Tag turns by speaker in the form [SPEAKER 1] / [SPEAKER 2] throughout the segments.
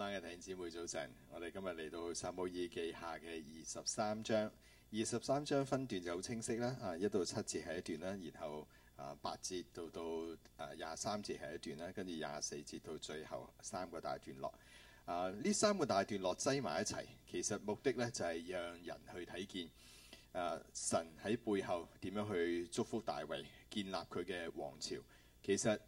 [SPEAKER 1] 嘅弟兄姊妹早晨，我哋今日嚟到撒母耳記下嘅二十三章。二十三章分段就好清晰啦，啊，一到七節係一段啦，然後啊八節到到啊廿三節係一段啦，跟住廿四節到最後三個大段落。啊，呢三個大段落擠埋一齊，其實目的呢就係讓人去睇見啊神喺背後點樣去祝福大衛，建立佢嘅王朝。其實。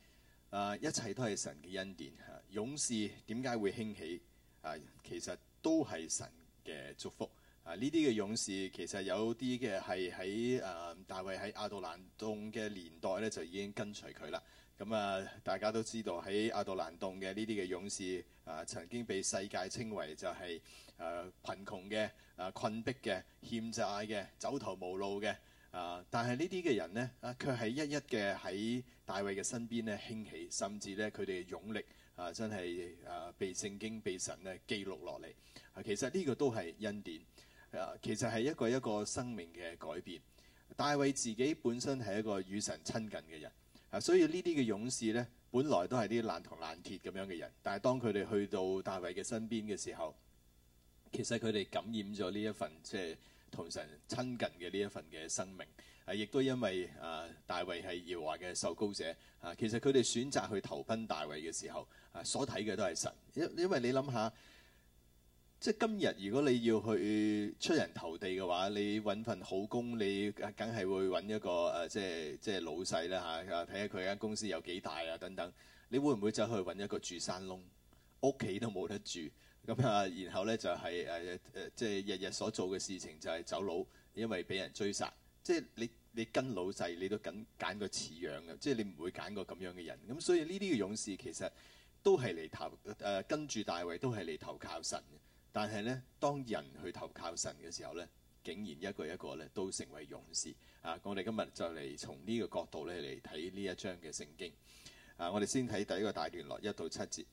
[SPEAKER 1] 啊！一切都係神嘅恩典嚇、啊。勇士點解會興起啊？其實都係神嘅祝福啊！呢啲嘅勇士其實有啲嘅係喺啊，大衛喺亞杜蘭洞嘅年代咧，就已經跟隨佢啦。咁啊，大家都知道喺亞杜蘭洞嘅呢啲嘅勇士啊，曾經被世界稱為就係、是、誒、啊、貧窮嘅、誒、啊、困迫嘅、欠債嘅、走投無路嘅。啊！但係呢啲嘅人呢，啊，佢係一一嘅喺大衛嘅身邊呢興起，甚至呢，佢哋嘅勇力啊，真係啊，被聖經、被神呢記錄落嚟。其實呢個都係恩典啊！其實係、啊、一個一個生命嘅改變。大衛自己本身係一個與神親近嘅人啊，所以呢啲嘅勇士呢，本來都係啲爛銅爛鐵咁樣嘅人，但係當佢哋去到大衛嘅身邊嘅時候，其實佢哋感染咗呢一份即係。同神親近嘅呢一份嘅生命，係、啊、亦都因為啊，大衛係耶和華嘅受膏者啊。其實佢哋選擇去投奔大衛嘅時候，啊，所睇嘅都係神。因為因為你諗下，即係今日如果你要去出人頭地嘅話，你揾份好工，你梗係會揾一個誒、啊，即係即係老細啦嚇，睇下佢間公司有幾大啊等等。你會唔會走去揾一個住山窿，屋企都冇得住？咁啊、嗯，然後咧就係誒誒，即係日日所做嘅事情就係走佬，因為俾人追殺。即係你你跟老細，你都揀揀個似樣嘅，即係你唔會揀個咁樣嘅人。咁、嗯、所以呢啲嘅勇士其實都係嚟投誒、呃、跟住大衛，都係嚟投靠神。但係呢，當人去投靠神嘅時候呢，竟然一個一個呢都成為勇士啊！我哋今日就嚟從呢個角度咧嚟睇呢一章嘅聖經啊！我哋先睇第一個大段落，一到七節。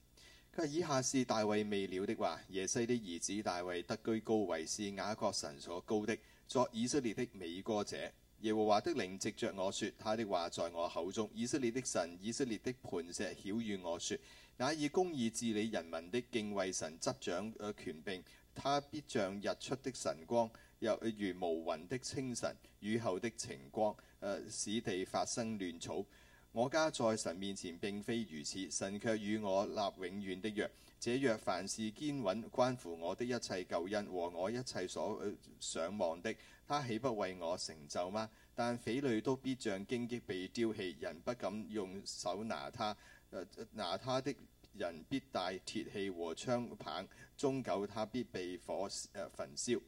[SPEAKER 1] 佢以下是大衛未了的話，耶西的兒子大衛得居高位，是雅各神所高的，作以色列的美歌者。耶和華的靈藉着我說，他的話在我口中。以色列的神，以色列的磐石曉喻我說，亞以公義治理人民的敬畏神執掌、呃、權柄，他必像日出的神光，又如無雲的清晨雨後的晴光，誒、呃、使地發生亂草。我家在神面前並非如此，神卻與我立永遠的約。這約凡事堅穩，關乎我的一切救恩和我一切所想望、呃、的，他豈不為我成就嗎？但匪類都必像荊棘被丟棄，人不敢用手拿他、呃。拿他的人必帶鐵器和槍棒，終久他必被火焚燒。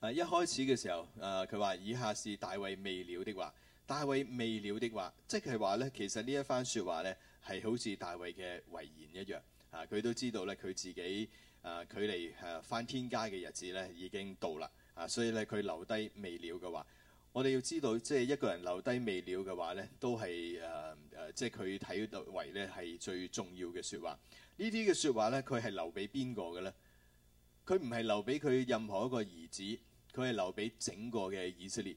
[SPEAKER 1] 啊、一開始嘅時候，啊，佢話以下係大衛未了的話。大衛未了的話，即係話咧，其實番説呢一翻説話咧係好似大衛嘅遺言一樣。啊，佢都知道咧，佢自己啊，佢離誒翻天家嘅日子咧已經到啦。啊，所以咧，佢留低未了嘅話，我哋要知道，即係一個人留低未了嘅話咧，都係誒誒，即係佢睇到為咧係最重要嘅説話。説話，呢啲嘅説話咧，佢係留俾邊個嘅咧？佢唔係留俾佢任何一個兒子，佢係留俾整個嘅以色列。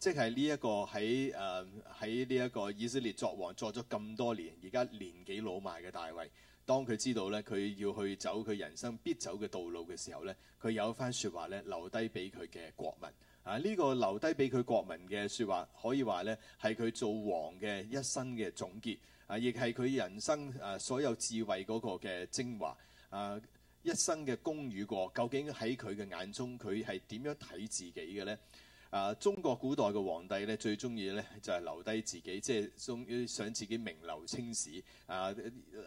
[SPEAKER 1] 即係呢一個喺誒喺呢一個以色列作王作咗咁多年，而家年紀老邁嘅大衛，當佢知道咧佢要去走佢人生必走嘅道路嘅時候咧，佢有一番説話咧留低俾佢嘅國民啊！呢個留低俾佢國民嘅説話，可以話咧係佢做王嘅一生嘅總結啊，亦係佢人生誒所有智慧嗰個嘅精華啊！一生嘅功與過，究竟喺佢嘅眼中，佢係點樣睇自己嘅咧？啊，中國古代嘅皇帝咧，最中意咧就係、是、留低自己，即係中要想自己名留青史。啊，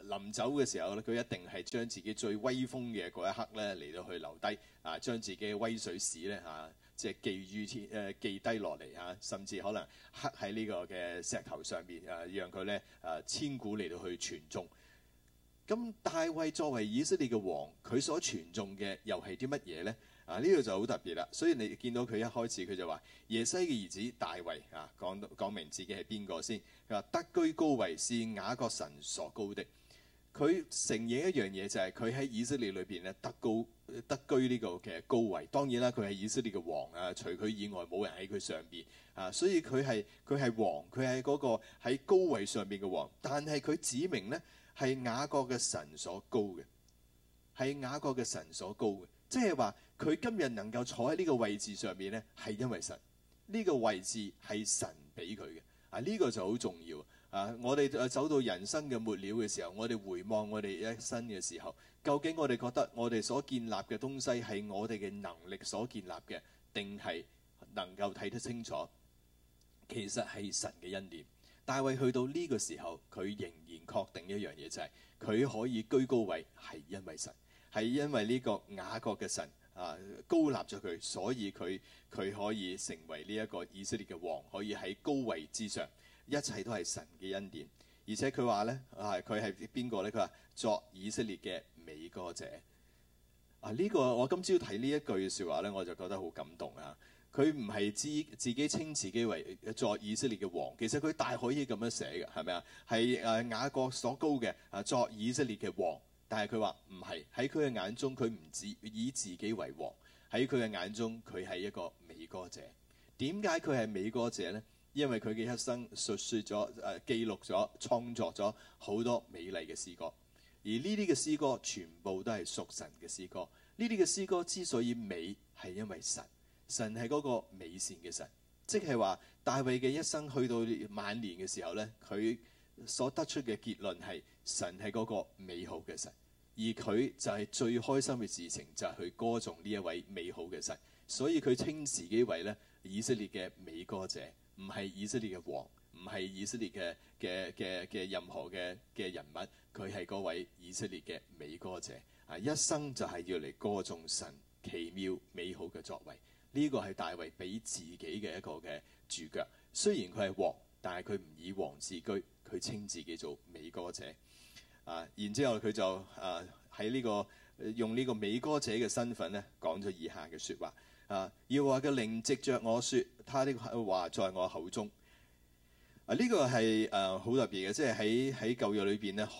[SPEAKER 1] 臨走嘅時候咧，佢一定係將自己最威風嘅嗰一刻咧嚟到去留低。啊，將自己嘅威水史咧嚇、啊，即係記於天誒記低落嚟嚇，甚至可能刻喺呢個嘅石頭上面，誒、啊、讓佢咧誒千古嚟到去傳頌。咁大衛作為以色列嘅王，佢所傳頌嘅又係啲乜嘢咧？啊！呢個就好特別啦，所以你見到佢一開始佢就話耶西嘅兒子大衛啊，講講明自己係邊個先？佢話得居高位是雅各神所膏的。佢承認一樣嘢就係佢喺以色列裏邊咧得高得居呢個嘅高位。當然啦，佢係以色列嘅王啊，除佢以外冇人喺佢上邊啊，所以佢係佢係王，佢係嗰個喺高位上邊嘅王。但係佢指明呢係雅各嘅神所膏嘅，係雅各嘅神所膏嘅。即係話，佢今日能夠坐喺呢個位置上面，呢係因為神。呢個位置係神俾佢嘅啊！呢個就好重要啊！我哋走到人生嘅末了嘅時候，我哋回望我哋一生嘅時候，究竟我哋覺得我哋所建立嘅東西係我哋嘅能力所建立嘅，定係能夠睇得清楚？其實係神嘅恩典。大衛去到呢個時候，佢仍然確定一樣嘢，就係佢可以居高位，係因為神。係因為呢個雅各嘅神啊高立咗佢，所以佢佢可以成為呢一個以色列嘅王，可以喺高位之上，一切都係神嘅恩典。而且佢話呢，啊，佢係邊個呢？佢話作以色列嘅美歌者啊！呢、這個我今朝睇呢一句説話呢，我就覺得好感動啊！佢唔係自自己稱自，自己為作以色列嘅王，其實佢大可以咁樣寫嘅，係咪啊？係誒雅各所高嘅誒、啊、作以色列嘅王。但係佢話唔係，喺佢嘅眼中，佢唔止以自己為王。喺佢嘅眼中，佢係一個美歌者。點解佢係美歌者呢？因為佢嘅一生述說咗、誒、呃、記錄咗、創作咗好多美麗嘅詩歌。而呢啲嘅詩歌全部都係屬神嘅詩歌。呢啲嘅詩歌之所以美，係因為神。神係嗰個美善嘅神，即係話大衛嘅一生去到晚年嘅時候呢，佢所得出嘅結論係，神係嗰個美好嘅神。而佢就係最開心嘅事情，就係、是、去歌頌呢一位美好嘅神，所以佢稱自己為咧以色列嘅美歌者，唔係以色列嘅王，唔係以色列嘅嘅嘅嘅任何嘅嘅人物，佢係嗰位以色列嘅美歌者，啊一生就係要嚟歌頌神奇妙美好嘅作為，呢個係大衛俾自己嘅一個嘅註腳。雖然佢係王，但係佢唔以王自居，佢稱自己做美歌者。啊，然之後佢就啊喺呢、這個用呢個美歌者嘅身份咧講咗以下嘅說話啊，耶和華嘅靈藉着我說，他的話在我口中啊，呢、這個係誒好特別嘅，即係喺喺舊約裏邊咧，好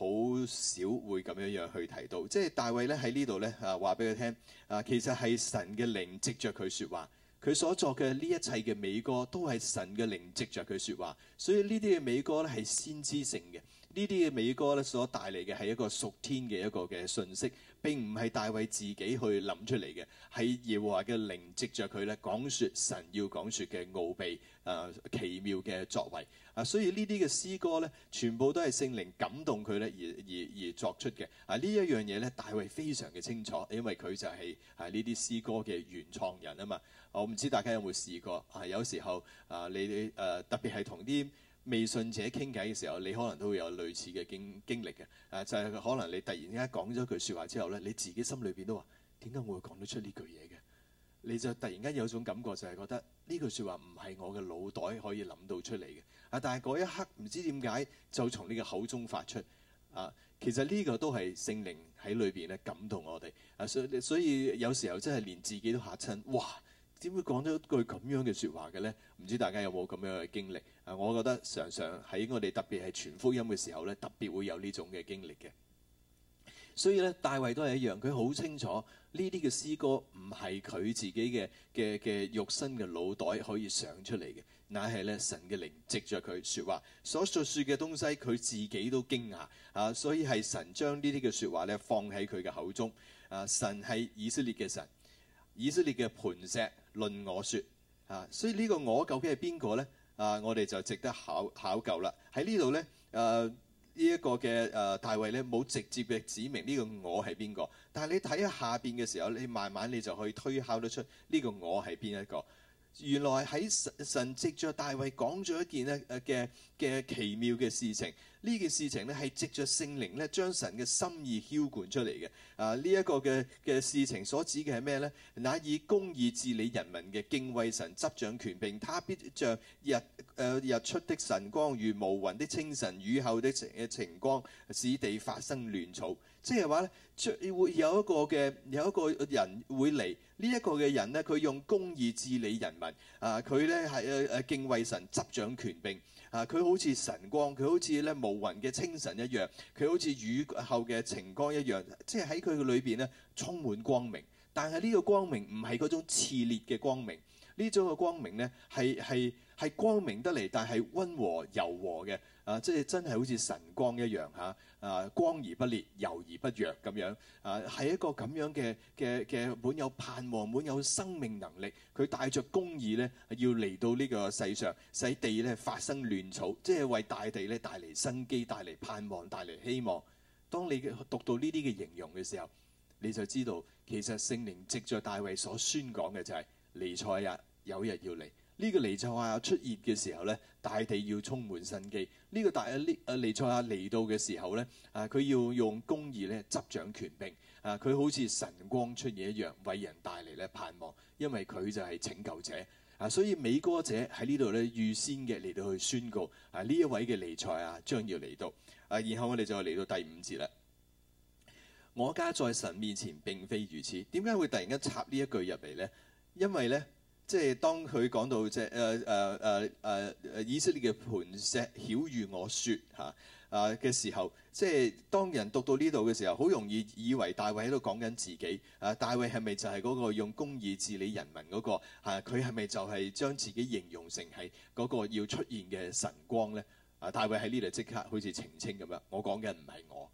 [SPEAKER 1] 少會咁樣樣去提到。即係大衛咧喺呢度咧啊，話俾佢聽啊，其實係神嘅靈藉着佢說話，佢所作嘅呢一切嘅美歌都係神嘅靈藉着佢說話，所以呢啲嘅美歌咧係先知性嘅。呢啲嘅美歌咧，所帶嚟嘅係一個屬天嘅一個嘅信息，並唔係大衛自己去諗出嚟嘅，係耶和華嘅靈藉着佢咧講説，神要講説嘅奧秘，誒、呃、奇妙嘅作為啊，所以呢啲嘅詩歌咧，全部都係聖靈感動佢咧而而而作出嘅啊，一呢一樣嘢咧，大衛非常嘅清楚，因為佢就係係呢啲詩歌嘅原創人啊嘛。我唔知大家有冇試過啊，有時候啊，你你誒、啊、特別係同啲未信者傾偈嘅時候，你可能都會有類似嘅經經歷嘅，誒、啊、就係、是、可能你突然之間講咗句説話之後咧，你自己心裏邊都會話點解我講得出呢句嘢嘅？你就突然間有種感覺就係覺得呢句説話唔係我嘅腦袋可以諗到出嚟嘅，啊！但係嗰一刻唔知點解就從你嘅口中發出，啊！其實呢個都係聖靈喺裏邊咧感動我哋，啊！所以所以有時候真係連自己都嚇親，哇！點會講咗一句咁樣嘅説話嘅呢？唔知大家有冇咁樣嘅經歷？啊，我覺得常常喺我哋特別係傳福音嘅時候咧，特別會有呢種嘅經歷嘅。所以咧，大衛都係一樣，佢好清楚呢啲嘅詩歌唔係佢自己嘅嘅嘅肉身嘅腦袋可以想出嚟嘅，乃係咧神嘅靈藉著佢説話所述説嘅東西，佢自己都驚訝啊！所以係神將呢啲嘅説話咧放喺佢嘅口中啊！神係以色列嘅神，以色列嘅磐石。論我説啊，所以呢個我究竟係邊個咧？啊，我哋就值得考考究啦。喺呢度咧，誒、呃這個呃、呢一個嘅誒大衛咧，冇直接嘅指明呢個我係邊個，但係你睇下下邊嘅時候，你慢慢你就可以推敲得出呢個我係邊一個。原來喺神神藉着大衛講咗一件咧嘅嘅奇妙嘅事情，呢、這、件、個、事情咧係藉着聖靈咧將神嘅心意澆灌出嚟嘅啊！呢、這、一個嘅嘅事情所指嘅係咩呢？乃以公義治理人民嘅敬畏神執掌權柄，他必像日誒、呃、日出的晨光，如無雲的清晨雨後的晴，晴光，使地發生嫩草。即係話咧，會有一個嘅有一個人會嚟呢一個嘅人咧，佢用公義治理人民，啊佢咧係誒敬畏神執掌權柄，啊佢好似神光，佢好似咧無雲嘅清晨一樣，佢好似雨後嘅晴光一樣，即係喺佢嘅裏邊咧充滿光明。但係呢個光明唔係嗰種熾烈嘅光明。呢種嘅光明咧係係係光明得嚟，但係溫和柔和嘅啊，即係真係好似晨光一樣嚇啊，光而不烈，柔而不弱咁樣啊，係一個咁樣嘅嘅嘅滿有盼望、滿有生命能力。佢帶著公義咧，要嚟到呢個世上，使地咧發生嫩草，即係為大地咧帶嚟生機、帶嚟盼望、帶嚟希望。當你讀到呢啲嘅形容嘅時候，你就知道其實聖靈藉著大衛所宣講嘅就係。尼賽亞有日要嚟，呢、這個尼賽亞出現嘅時候呢，大地要充滿生機。呢、這個大呢啊尼賽亞嚟到嘅時候呢，啊佢要用公義咧執掌權柄啊，佢好似神光出現一樣，為人帶嚟咧盼望，因為佢就係拯救者啊。所以美歌者喺呢度咧預先嘅嚟到去宣告啊，呢一位嘅尼賽亞將要嚟到啊。然後我哋就嚟到第五節啦。我家在神面前並非如此，點解會突然間插呢一句入嚟呢？因為咧，即係當佢講到即係誒誒誒誒以色列嘅磐石曉諭我說嚇啊嘅時候，即係當人讀到呢度嘅時候，好容易以為大衛喺度講緊自己啊，大衛係咪就係嗰個用公義治理人民嗰個啊？佢係咪就係將自己形容成係嗰個要出現嘅神光咧？啊，大衛喺呢度即刻好似澄清咁樣，我講嘅唔係我。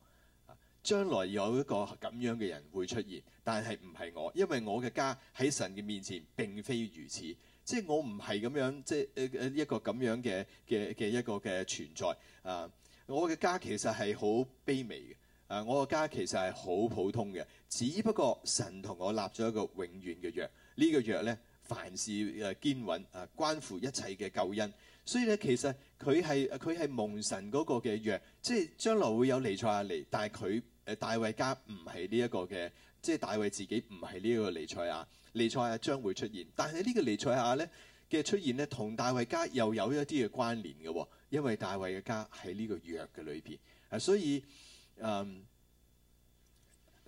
[SPEAKER 1] 將來有一個咁樣嘅人會出現，但係唔係我，因為我嘅家喺神嘅面前並非如此，即係我唔係咁樣，即係一個咁樣嘅嘅嘅一個嘅存在啊！我嘅家其實係好卑微嘅，啊，我嘅家其實係好、啊、普通嘅，只不過神同我立咗一個永遠嘅約，呢、呢個約呢，凡事誒堅穩啊，關乎一切嘅救恩。所以咧，其實佢係佢係蒙神嗰個嘅約，即係將來會有彌賽亞嚟。但係佢誒大衛家唔係呢一個嘅，即係大衛自己唔係呢一個彌賽亞。彌賽亞將會出現，但係呢個彌賽亞咧嘅出現呢，同大衛家又有一啲嘅關聯嘅、哦，因為大衛嘅家喺呢個約嘅裏邊啊。所以嗯，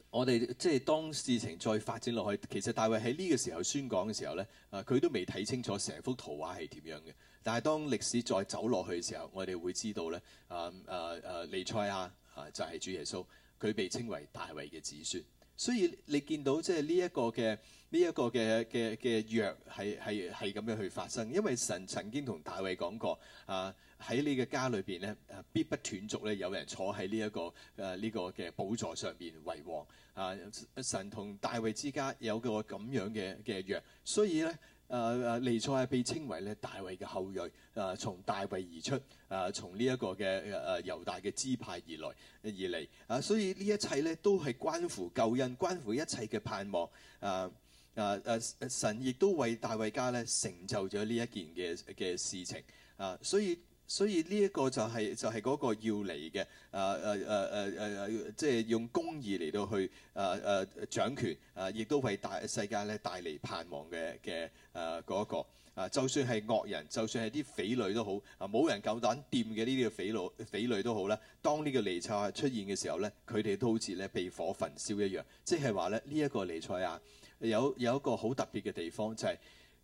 [SPEAKER 1] 我哋即係當事情再發展落去，其實大衛喺呢個時候宣講嘅時候咧啊，佢都未睇清楚成幅圖畫係點樣嘅。但係當歷史再走落去嘅時候，我哋會知道咧，啊啊啊，彌賽亞啊就係、是、主耶穌，佢被稱為大衛嘅子孫。所以你見到即係呢一個嘅呢一個嘅嘅嘅約係係係咁樣去發生，因為神曾經同大衛講過啊，喺你嘅家裏邊咧，必不斷續咧有人坐喺呢一個誒呢、啊呢個嘅寶座上邊為王啊。神同大衛之家有個咁樣嘅嘅約，所以咧。誒誒、啊，尼賽係被稱為咧大衛嘅後裔，誒、啊、從大衛而出，誒、啊、從呢一個嘅誒誒猶大嘅支派而來而嚟，啊，所以呢一切咧都係關乎救恩，關乎一切嘅盼望，誒誒誒，神亦都為大衛家咧成就咗呢一件嘅嘅事情，啊，所以。所以呢一個就係、是、就係、是、嗰個要嚟嘅，誒誒誒誒誒，即係用公義嚟到去誒誒、呃呃、掌權，誒、呃、亦都為大世界咧帶嚟盼望嘅嘅誒嗰一個。誒、啊、就算係惡人，就算係啲匪類都好，啊，冇人夠膽掂嘅呢啲匪老匪類都好咧。當呢個彌賽亞出現嘅時候咧，佢哋都好似咧被火焚燒一樣，即係話咧呢一、這個彌賽亞有有一個好特別嘅地方就係、是。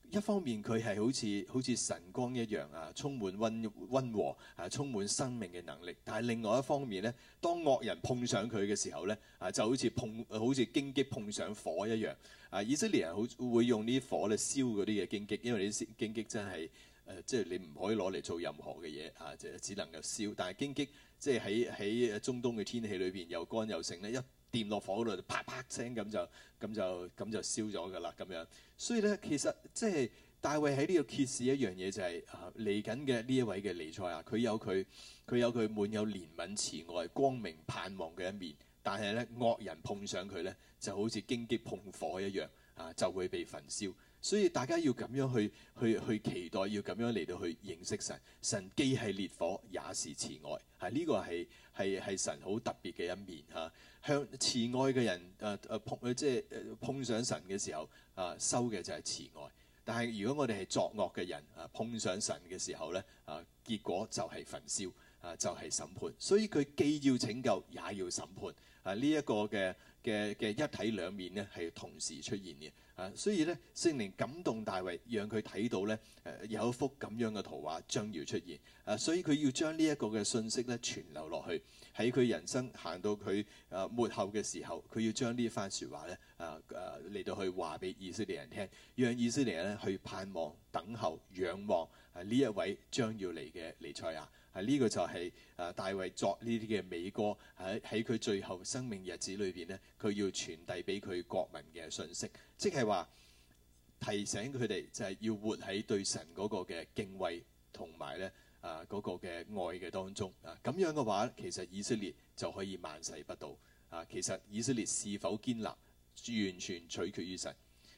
[SPEAKER 1] 一方面佢係好似好似晨光一樣啊，充滿温温和啊，充滿生命嘅能力。但係另外一方面咧，當惡人碰上佢嘅時候咧，啊就好似碰好似荊棘碰上火一樣啊！以色列人好會用呢啲火嚟燒嗰啲嘅荊棘，因為你啲荊棘真係誒即係你唔可以攞嚟做任何嘅嘢啊，就只能夠燒。但係荊棘即係喺喺中東嘅天氣裏邊又乾又剩咧一。掂落火度就啪啪聲咁就咁就咁就燒咗㗎啦咁樣，所以咧，其實即係大衛喺呢度揭示一樣嘢，就係嚟緊嘅呢一位嘅尼賽啊，佢有佢佢有佢滿有憐憫、慈愛光明盼望嘅一面，但係咧惡人碰上佢咧就好似荊棘碰火一樣啊，就會被焚燒。所以大家要咁樣去去去期待，要咁樣嚟到去認識神。神既係烈火，也是慈愛。係、啊、呢、這個係係係神好特別嘅一面嚇、啊。向慈愛嘅人誒誒碰，即係碰、啊、上神嘅時候啊，收嘅就係慈愛。但係如果我哋係作惡嘅人啊，碰上神嘅時候咧啊，結果就係焚燒啊，就係、是、審判。所以佢既要拯救，也要審判。係、啊、呢一個嘅。嘅嘅一體兩面呢係同時出現嘅，啊，所以呢聖靈感動大衛，讓佢睇到呢誒有一幅咁樣嘅圖畫將要出現，啊，所以佢要將呢一個嘅信息呢傳流落去，喺佢人生行到佢誒末後嘅時候，佢要將呢番説話呢啊啊嚟、啊、到去話俾以色列人聽，讓以色列人呢去盼望、等候、仰望呢一位將要嚟嘅彌賽亞。呢、啊這個就係誒大衛作呢啲嘅美歌喺喺佢最後生命日子裏邊咧，佢要傳遞俾佢國民嘅信息，即係話提醒佢哋就係要活喺對神嗰個嘅敬畏同埋呢誒嗰、啊那個嘅愛嘅當中啊！咁樣嘅話，其實以色列就可以萬世不倒啊！其實以色列是否堅立，完全取決於神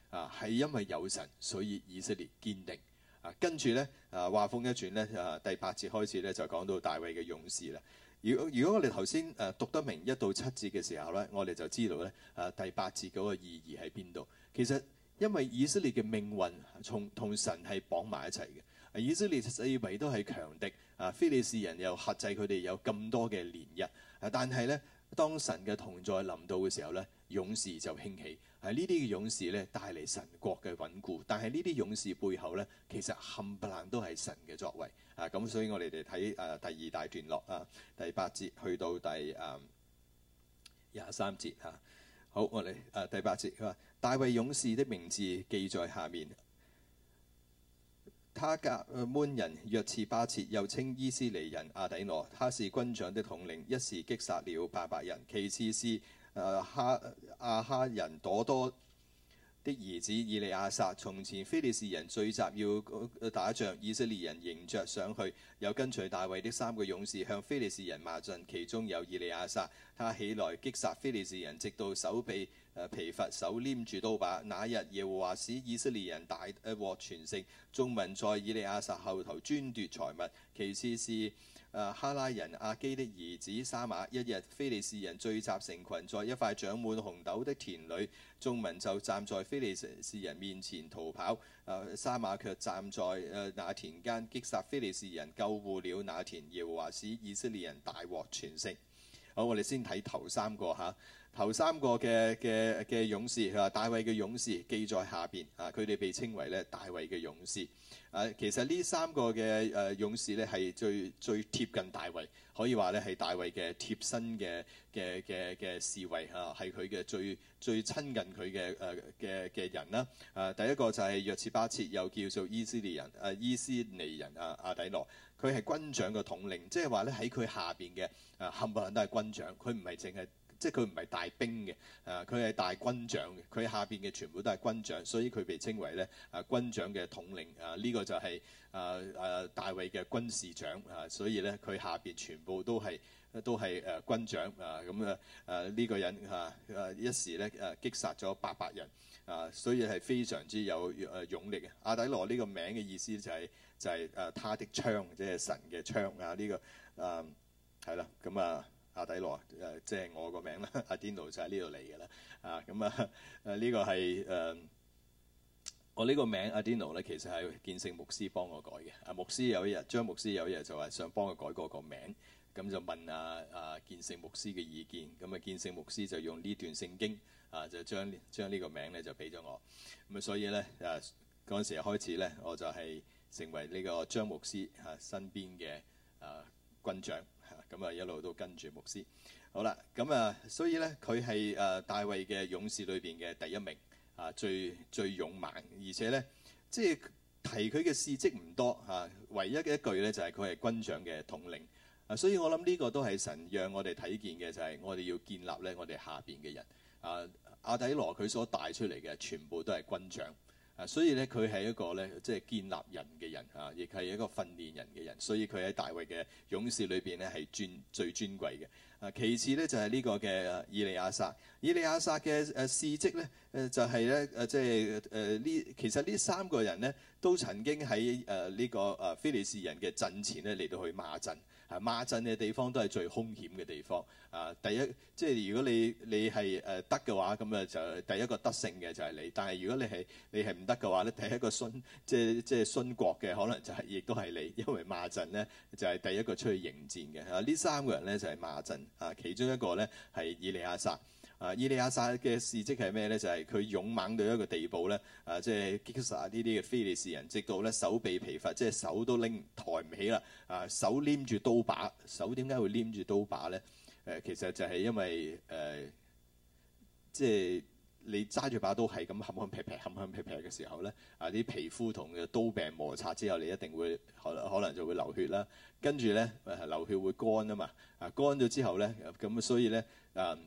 [SPEAKER 1] 啊！係因為有神，所以以色列堅定。啊，跟住咧，啊話風一轉咧，啊第八節開始咧就講到大衛嘅勇士啦。如果如果我哋頭先誒讀得明一到七節嘅時候咧，我哋就知道咧，啊第八節嗰個意義喺邊度？其實因為以色列嘅命運從同神係綁埋一齊嘅，啊，以色列四圍都係強敵，啊非利士人又克制佢哋有咁多嘅連日，啊但係咧當神嘅同在臨到嘅時候咧。勇士就興起，喺呢啲嘅勇士咧，帶嚟神國嘅穩固。但係呢啲勇士背後呢，其實冚唪唥都係神嘅作為啊！咁所以我哋哋睇誒第二大段落啊，第八節去到第誒廿、啊、三節啊。好，我哋誒、啊、第八節佢話：大衛勇士的名字記在下面，他格誒門人約次巴切，又稱伊斯尼人阿底諾，他是軍長的統領，一時擊殺了八百人，其次是。哈亞、啊、哈人朵多，多的兒子以利亞撒，從前菲利士人聚集要打仗，以色列人迎着上去，有跟隨大衛的三個勇士向菲利士人罵陣，其中有以利亞撒，他起來擊殺菲利士人，直到手臂、呃、疲乏，手黏住刀把。那日耶和華使以色列人大、呃、獲全勝，眾民在以利亞撒後頭專奪財物。其次是。哈拉人亞基的兒子沙馬。一日，非利士人聚集成群，在一塊長滿紅豆的田裏，眾民就站在非利士人面前逃跑。沙馬卻站在那田間擊殺非利士人，救護了那田。耶和華使以色列人大獲全勝。好，我哋先睇頭三個吓。頭三個嘅嘅嘅勇士，佢話大衛嘅勇士記在下邊啊。佢哋被稱為咧大衛嘅勇士。誒、啊，其實呢三個嘅誒勇士咧係最最貼近大衛，可以話咧係大衛嘅貼身嘅嘅嘅嘅侍衛啊，係佢嘅最最親近佢嘅誒嘅嘅人啦。誒、啊，第一個就係約設巴設，又叫做伊斯尼人誒、啊，伊斯尼人啊，亞底挪，佢係軍長嘅統領，即係話咧喺佢下邊嘅誒冚唪唥都係軍長，佢唔係淨係。即係佢唔係帶兵嘅，啊佢係帶軍長嘅，佢下邊嘅全部都係軍長，所以佢被稱為咧啊、呃、軍長嘅統領啊呢、呃，這個就係啊啊大衛嘅軍事長啊，所以咧佢下邊全部都係都係誒軍長啊，咁啊誒呢個人啊誒一時咧誒擊殺咗八百人啊，所以係非常之有誒勇力嘅。亞底羅呢個名嘅意思就係、是、就係誒他的槍，即係神嘅槍啊呢個啊係啦咁啊。阿底諾啊，即係我個名啦，Adino 就喺呢度嚟嘅啦。啊，咁啊，誒、啊、呢、啊啊啊呢個係誒、啊、我呢個名 Adino 咧，其實係建聖牧師幫我改嘅。阿牧師有一日，張牧師有一日就話想幫佢改過個名，咁、嗯、就問下阿建聖牧師嘅意見。咁啊，建聖牧師就用呢段聖經啊，就將將呢個名咧就俾咗我。咁啊，所以咧啊嗰陣時開始咧，我就係成為呢個張牧師嚇身邊嘅誒軍長。咁啊一路都跟住牧師，好啦，咁啊所以呢，佢係誒大衛嘅勇士裏邊嘅第一名啊，最最勇猛，而且呢，即係提佢嘅事蹟唔多嚇、啊，唯一嘅一句呢，就係佢係軍長嘅統領啊，所以我諗呢個都係神讓我哋睇見嘅，就係、是、我哋要建立呢，我哋下邊嘅人啊，亞底羅佢所帶出嚟嘅全部都係軍長。啊，所以咧佢係一個咧，即係建立人嘅人啊，亦係一個訓練人嘅人，所以佢喺大衛嘅勇士裏邊咧係尊最尊貴嘅。啊，其次咧就係、是、呢個嘅以利亞撒。以利亞撒嘅誒事蹟咧，誒、啊、就係咧誒即係誒呢，其實呢三個人呢，都曾經喺誒呢個誒非、啊、利士人嘅陣前咧嚟到去罵陣。係、啊、馬陣嘅地方都係最兇險嘅地方。啊，第一即係如果你你係誒得嘅話，咁啊就第一個得勝嘅就係你。但係如果你係你係唔得嘅話咧，第一個殉即係即係殉國嘅可能就係亦都係你，因為馬陣咧就係、是、第一個出去迎戰嘅。啊，呢三個人咧就係、是、馬陣啊，其中一個咧係以利亞撒。啊，以利亞撒嘅事蹟係咩咧？就係佢勇猛到一個地步咧，啊，即係擊殺呢啲嘅菲利士人，直到咧手臂疲乏，即係手都拎抬唔起啦。啊，手黏住刀把，手點解會黏住刀把咧？誒，其實就係因為誒，即係你揸住把刀係咁冚冚劈劈、冚冚劈劈嘅時候咧，啊，啲皮膚同嘅刀柄摩擦之後，你一定會可可能就會流血啦。跟住咧，流血會乾啊嘛，啊，乾咗之後咧，咁所以咧啊。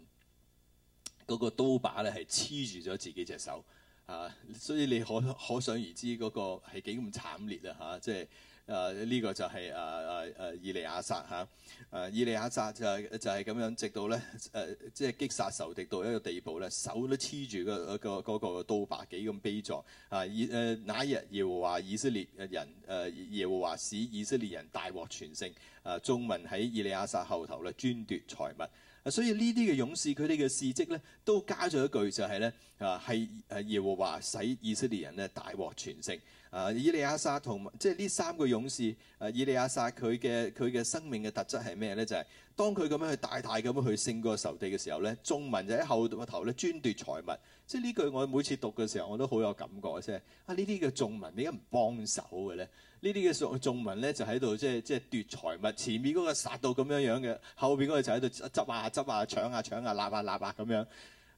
[SPEAKER 1] 嗰個刀把咧係黐住咗自己隻手啊，所以你可可想而知嗰個係幾咁慘烈啦嚇！即係啊呢、就是啊這個就係、是、啊啊啊以利亞撒嚇，啊，啊以利亞撒就是、就係、是、咁樣，直到咧誒即係擊殺仇敵到一個地步咧，手都黐住、那個、那個嗰、那個刀把幾咁悲壯啊！以誒那、啊、日耶和華以色列人誒、啊、耶和華使以色列人大獲全勝啊！眾民喺以利亞撒後頭咧專奪財物。所以呢啲嘅勇士佢哋嘅事蹟咧，都加咗一句就係、是、咧，啊係耶和華使以色列人咧大獲全勝。啊，以利亞撒同即係呢三個勇士，啊，以利亞撒佢嘅佢嘅生命嘅特質係咩咧？就係、是、當佢咁樣去大大咁樣去勝過仇敵嘅時候咧，眾民就喺後頭咧專奪財物。即係呢句我每次讀嘅時候我都好有感覺嘅啫。啊，呢啲嘅眾民點解唔幫手嘅咧？呢啲嘅眾眾民咧就喺度即係即係奪財物。前面嗰個殺到咁樣樣嘅，後邊嗰個就喺度執執下執下搶下搶下攔下攔下咁樣。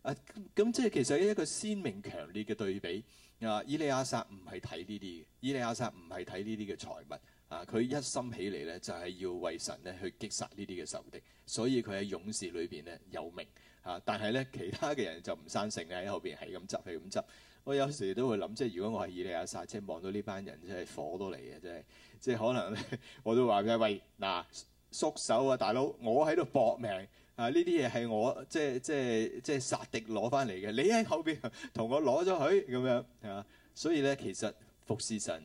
[SPEAKER 1] 啊，咁即係其實一個鮮明強烈嘅對比。啊！以利亞撒唔係睇呢啲嘅，伊利亞撒唔係睇呢啲嘅財物，啊！佢一心起嚟咧就係、是、要為神咧去擊殺呢啲嘅仇敵，所以佢喺勇士裏邊咧有名，啊！但係咧其他嘅人就唔生性咧，喺後邊係咁執係咁執，我有時都會諗，即係如果我係伊利亞撒，即係望到呢班人真係火都嚟嘅，真係，即係可能咧 我都話俾你喂，嗱，縮手啊，大佬，我喺度搏命。啊！呢啲嘢係我即係即係即係殺敵攞返嚟嘅，你喺後邊同 我攞咗佢咁樣，係、啊、所以咧，其實服侍神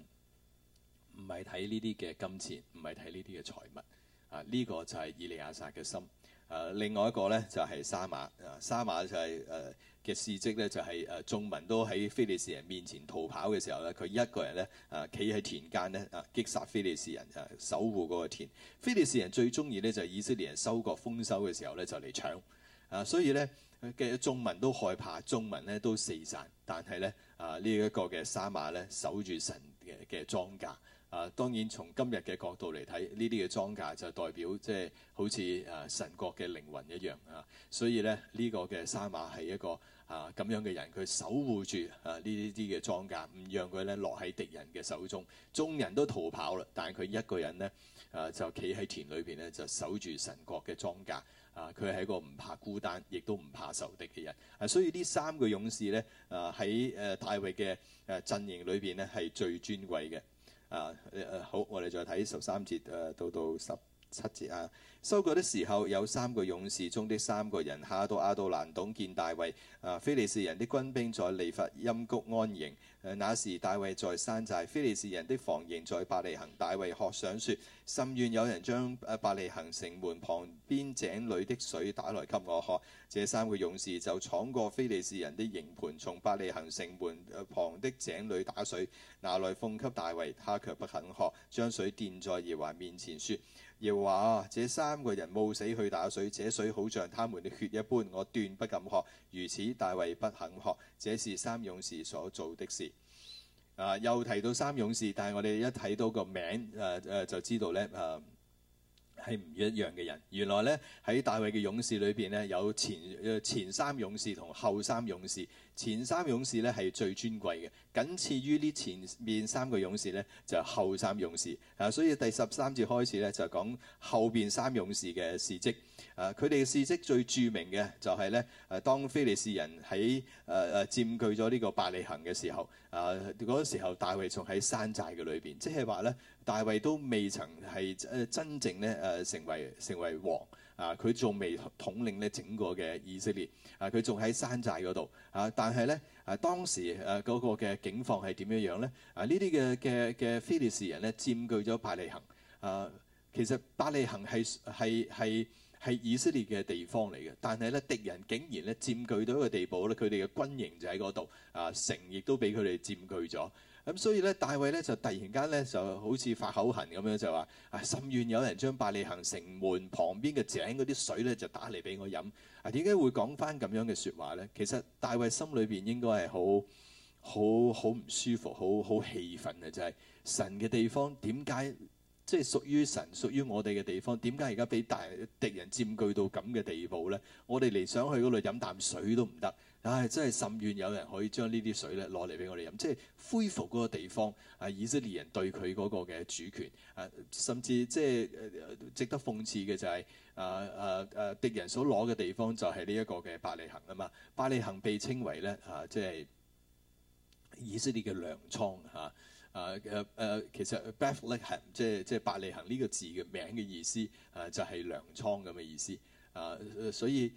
[SPEAKER 1] 唔係睇呢啲嘅金錢，唔係睇呢啲嘅財物。啊！呢、這個就係以利亞撒嘅心。啊，另外一個咧就係、是、沙馬。啊，沙馬就係、是、誒。啊嘅事蹟咧、就是，就係誒眾民都喺非利士人面前逃跑嘅時候咧，佢一個人咧啊，企、呃、喺田間咧啊，擊殺非利士人啊，守護嗰個田。非利士人最中意咧，就係、是、以色列人收割豐收嘅時候咧，就嚟搶啊，所以咧嘅眾民都害怕，眾民咧都四散，但係咧啊呢一、這個嘅沙馬咧守住神嘅嘅莊稼啊，當然從今日嘅角度嚟睇，呢啲嘅莊稼就代表即係好似啊神國嘅靈魂一樣啊，所以咧呢、這個嘅沙馬係一個。啊咁樣嘅人，佢守護住啊呢啲啲嘅莊稼，唔讓佢咧落喺敵人嘅手中。眾人都逃跑啦，但係佢一個人咧啊，就企喺田裏邊咧，就守住神國嘅莊稼。啊，佢係一個唔怕孤單，亦都唔怕仇敵嘅人。啊，所以呢三個勇士咧啊喺誒、呃、大衛嘅誒陣營裏邊咧係最尊貴嘅，啊。啊，好，我哋再睇十三節誒、啊、到到十七節啊。收割的時候，有三個勇士中的三個人下到亞杜蘭洞見大衛。啊，非利士人的軍兵在利乏音谷安營。那、呃、時大衛在山寨，非利士人的防營在伯利恆。大衛渴想說：甚願有人將伯利恆城門旁邊井裏的水打來給我喝。這三個勇士就闖過非利士人的營盤，從伯利恆城門旁的井裏打水拿來奉給大衛，他卻不肯喝，將水奠在耶和華面前說。要話：這三個人冒死去打水，這水好像他們的血一般，我斷不敢喝。如此，大衛不肯喝。這是三勇士所做的事。啊，又提到三勇士，但係我哋一睇到個名，誒、啊、誒、啊、就知道咧，誒、啊。係唔一樣嘅人。原來呢，喺大衛嘅勇士裏邊呢，有前前三勇士同後三勇士。前三勇士呢係最尊貴嘅，僅次於呢前面三個勇士呢就係、是、後三勇士。啊，所以第十三節開始呢，就講後邊三勇士嘅事蹟。啊，佢哋嘅事蹟最著名嘅就係呢，誒、啊、當非利士人喺誒誒佔據咗呢個伯利恆嘅時候，啊嗰時候大衛仲喺山寨嘅裏邊，即係話呢。大衛都未曾係誒真正咧誒、呃、成為成為王啊，佢仲未統領咧整個嘅以色列啊，佢仲喺山寨嗰度啊。但係咧誒當時誒嗰個嘅境況係點樣樣咧？啊呢啲嘅嘅嘅非利士人咧佔據咗伯利恆啊。其實伯利恆係係係係以色列嘅地方嚟嘅，但係咧敵人竟然咧佔據到一個地步咧，佢哋嘅軍營就喺嗰度啊，城亦都俾佢哋佔據咗。咁所以咧，大衛咧就突然間咧，就好似發口痕咁樣就，就話，啊，甚願有人將伯利恆城門旁邊嘅井嗰啲水咧，就打嚟俾我飲。啊，點解會講翻咁樣嘅說話咧？其實大衛心裏邊應該係好好好唔舒服、好好氣憤啊，就係、是、神嘅地方點解即係屬於神，屬於我哋嘅地方，點解而家俾大敵人佔據到咁嘅地步咧？我哋嚟想去嗰度飲啖水都唔得。唉、啊，真係甚願有人可以將呢啲水咧攞嚟俾我哋飲，即係恢復嗰個地方啊！以色列人對佢嗰個嘅主權，誒、啊，甚至即係、呃、值得諷刺嘅就係、是、啊啊啊，敵人所攞嘅地方就係呢一個嘅伯利恆啊嘛！伯利恆被稱為咧啊，即係以色列嘅糧倉嚇啊誒、啊、其實 Bethlehem 即係即係伯利恆呢個字嘅名嘅意思啊，就係、是、糧倉咁嘅意思啊，所以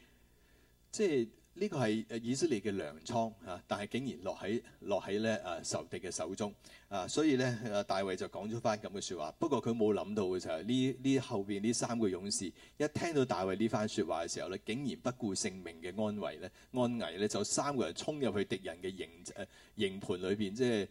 [SPEAKER 1] 即係。即呢個係以色列嘅糧倉啊，但係竟然落喺落喺咧啊，仇敵嘅手中啊，所以咧啊，大衛就講咗翻咁嘅説話。不過佢冇諗到嘅就係呢，呢後邊呢三個勇士一聽到大衛呢番説話嘅時候咧，竟然不顧性命嘅安危咧，安危咧，就三個人衝入去敵人嘅營、營盤裏邊，即係